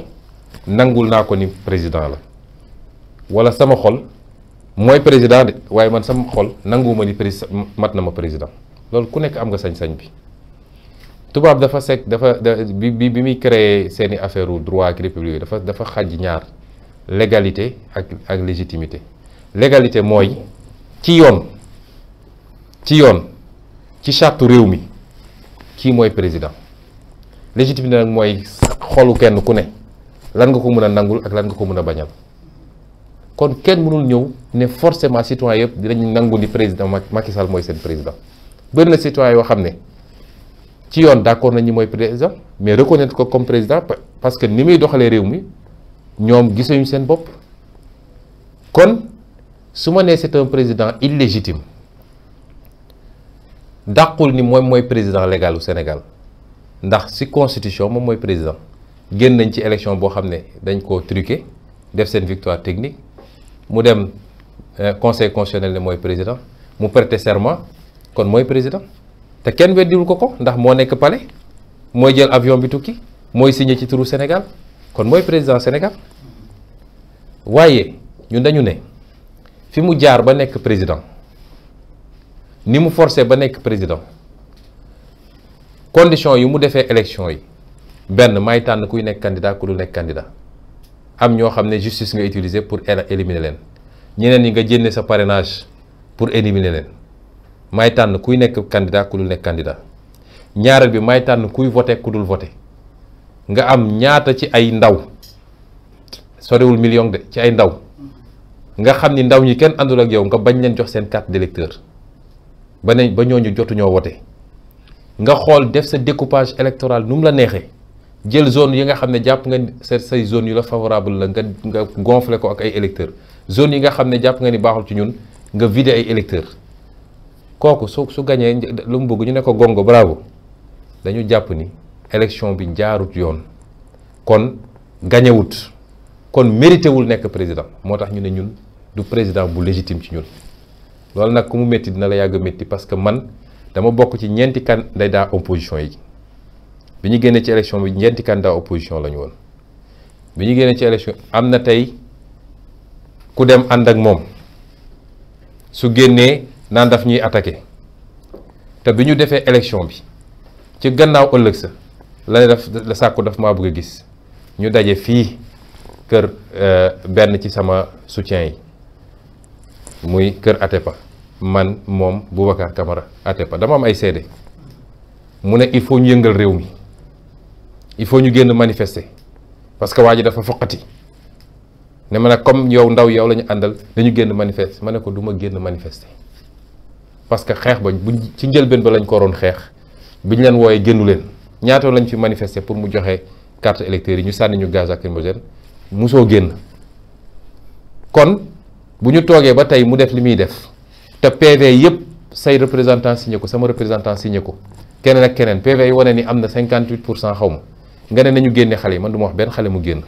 nangul naa ko ni président la wala sama xol mooy président de waaye man sama xol ma ni prés mat na ma président loolu ku nekk am nga sañ-sañ bi tubaab dafa sekk dafa bi muy créer seeni affaire u droit ak république dafa dafa xaj ñaar légalité ak ak légitimité légalité mooy ci yoon ci yoon ci charte réew mi kii mooy président légitimité nag mooy xolu kenn ku ne lan nga ko mën a nangul ak lan nga ko mën a bañal kon kenn mënul ñëw ne forcément citoyen yëpp dinañu nangu ni président Macky Sall mooy seen président bëri na citoyen yoo xam ne ci yoon d'accord nañ ñi mooy président mais reconnaître ko comme président parce que ni muy doxalee réew mi ñoom gisuñu seen bopp kon su ma nee c'est un président illégitime dàqul ni moom mooy président légalu Sénégal ndax si constitution moom mooy président génn nañ ci élection boo xam ne dañ koo truqué def seen victoire technique mu dem euh, conseil constitutionnel ne mooy président mu prêter serment kon mooy président te kenn weddiwul ko ko ndax moo nekk palais mooy jël avion bi tukki mooy signé ci turu Sénégal kon mooy président Sénégal waaye ñun dañu ne fi mu jaar ba nekk président ni mu force ba nekk président condition yi mu defee élection yi benn may tànn kuy nekk candidat ku dul nekk candidat am ñoo xam ne justice nga utiliser pour éliminer leen ñeneen ñi nga jénne sa parrainage pour éliminer leen may tànn kuy nekk candidat ku dul nekk candidat ñaareel bi may tànn kuy voté ku dul voté nga am ñaata ci ay ndaw sorewul million de ci ay ndaw nga xam ni ndaw ñi kenn àndul ak yow nga bañ leen jox seen carte d'électeur ba ne ba ñooñu jotuñoo voté nga xool def sa découpage électoral nu mu la neexee jël zone yi nga xam ne jàpp nga sa say zone yu la favorable la nga nga gonflé ko ak ay électeurs zone yi nga xam ne jàpp nga ni baaxul ci ñun nga vider ay électeurs kooku su su gañee lu mu bëgg ñu ne ko gongo bravo dañu jàpp ni élection bi jaarut yoon kon gañewut kon mérité wul nekk président moo tax ñu ne ñun du président bu légitime ci ñun loolu nag ku mu métti dina la yàgg métti parce que man dama bokk ci ñeenti candidat opposition yi bi ñu génnee ci élection bi ñeenti candidat opposition la ñu woon bi ñu génnee ci élection am na tey ku dem ànd ak moom su génnee naan daf ñuy attaqué te bi ñu defee élection bi ci gannaaw ëllëg sa la ne daf la sàkku daf maa bëgg gis ñu daje fii kër euh, benn ci sama soutien yi muy kër Atepa man moom Boubacar Camara Atepa dama am ay seede mu ne il faut ñu yëngal réew mi il faut ñu génn manifester parce que waa ji dafa foqati ne ma ne comme yow ndaw yow lañu àndal dañu génn manifester ma ne ko du ma génn manifester parce que xeex bañ bu ci njëlbeen ba lañ ko waroon xeex biñ leen wooyee génnu leen ñaata lañ fi manifester pour mu joxe carte électeur yi ñu sànni ñu gaz lacrymogène musoo génn kon bu ñu toogee ba tey mu def li muy def. te PV yëpp say représentant signé ko sama représentant signé ko keneen ak keneen PV yi wane ni am na 58 pour cent xaw ma nga ne nañu génne xale yi man du ma wax benn xale mu génn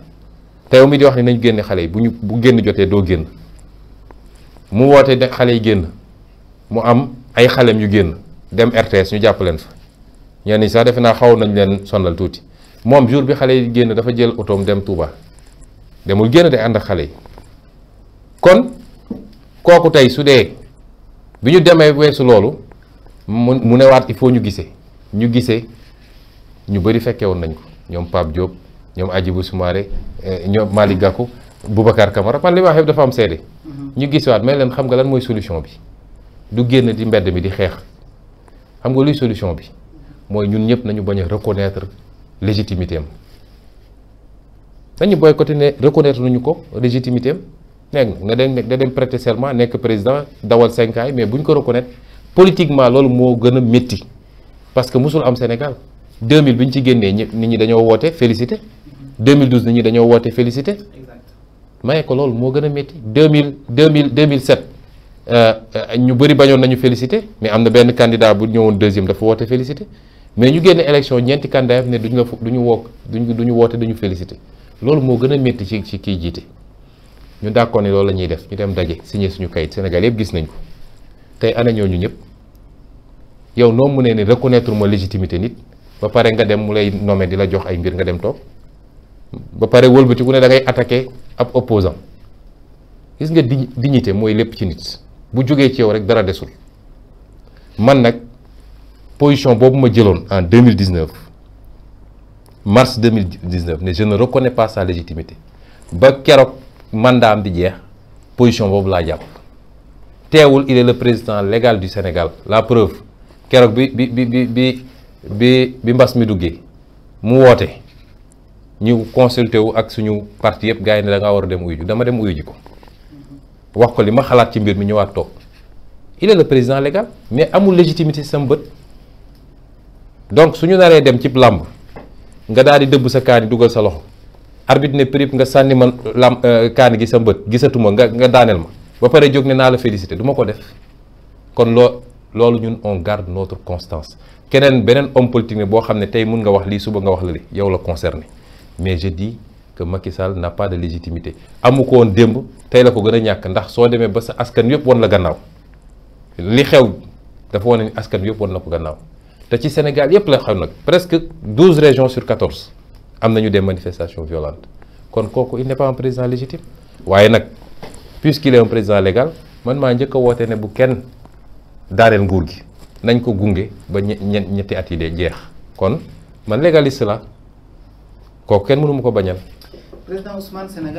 te yow mi di wax ni nañu génne xale yi bu ñu bu génn jotee doo génn mu woote de xale yi génn mu am ay xalem yu génn dem RTS ñu jàpp leen fa ñenn ñi sax defe naa xaw nañ leen sonal tuuti moom jour bi xale yi génn dafa jël mu dem Touba demul génn day ànd ak xale yi kon kooku tey su dee. bi ñu demee weesu loolu mu mu newaat il faut ñu gisee ñu gisee ñu bëri fekkee woon nañ ko ñoom Pape Diop ñoom Hadjibou Soumaré eh, ñoom Malick Gakou Boubacar Camara par li waax wax dafa am seede. Mhm. ñu gisawaat mais leen xam nga lan mooy solution bi du génn di mbedd mi di xeex xam nga luy solution bi mooy ñun ñëpp nañu bañ a reconnaître légitimité am nañu boycotté ne reconnaître nañu ko légitimité am dégg nga na dem na dem prêter serment nekk président dawal cinq ans mais bu ñu ko reconnaître politiquement loolu moo gën a métti parce que musul am Sénégal deux mille bu ñu ci génnee ñëpp nit ñi dañoo woote félicité 2012 nit ñi dañoo woote félicité maye ko loolu moo gën a deux mille 2000 mille 2007 euh, euh, ñu bëri bañoon nañu félicité mais am na benn candidat bu ñëwoon deuxième dafa woote félicité mais ñu génn élection ñeenti candidat ne duñu la duñu woo duñu ñu woote duñu félicité loolu moo gën a métti ci ci kiy jiite. ñu d'accord ne loolu la ñuy def ñu dem daje signé suñu kayit Sénégal yëpp gis nañ ko tey ana ñooñu ñëpp yow noo mu ne ni reconnaître ma légitimité nit ba pare nga dem mu lay nommer di la jox ay mbir nga dem toog ba pare wëlbati ku ne da ngay attaquer ab opposant gis nga di dignité mooy lépp ci nit bu jógee ci yow rek dara desul man nag position boobu ma jëloon en mille 2019 mars 2019 ne je ne reconnais pas sa légitimité ba keroog man daa am di jeex position boobu laa jàpp teewul il est le président légal du Sénégal la preuve keroog bi bi bi bi bi bi mbas mi duggee mu woote ñu consulté wu ak suñu parti yëpp gars yi ne da war a dem uyu dama dem uyu ko wax ko li ma xalaat ci mbir mi ñëwaat toog il est le président légal mais amul légitimité sam bët donc ñu naree dem ci làmb nga daal di dëbb sa kaani dugal sa loxo arbitre ne prip nga sànni man lam euh, kaani gi sa mbët gisatuma nga nga daaneel ma ba pare jóg ne naa la félicité duma ko def kon loo loolu ñun on garde notre constance keneen beneen homme politique ne boo xam ne tey mun nga wax lii suba nga wax la li yow la concerné mais je di que Macky Sall n'a pas de légitimité amu ko woon démb tey la ko gën a ñàkk ndax soo demee ba sa askan yëpp wan la gannaaw li xew dafa wane ni askan yëpp wan na ko gannaaw te ci Sénégal yëpp la xew nag presque douze régions sur quatorze am na nañu des manifestations violentes kon kooku il n'est pas un président légitime waaye nag puisqu'il est un président légal man maa njëkk a woote ne bu kenn daaneel nguur gi nañ ko gunge ba ñetti at yi de jeex kon man légaliste la kooku kenn mënu ko bañal. président Ousmane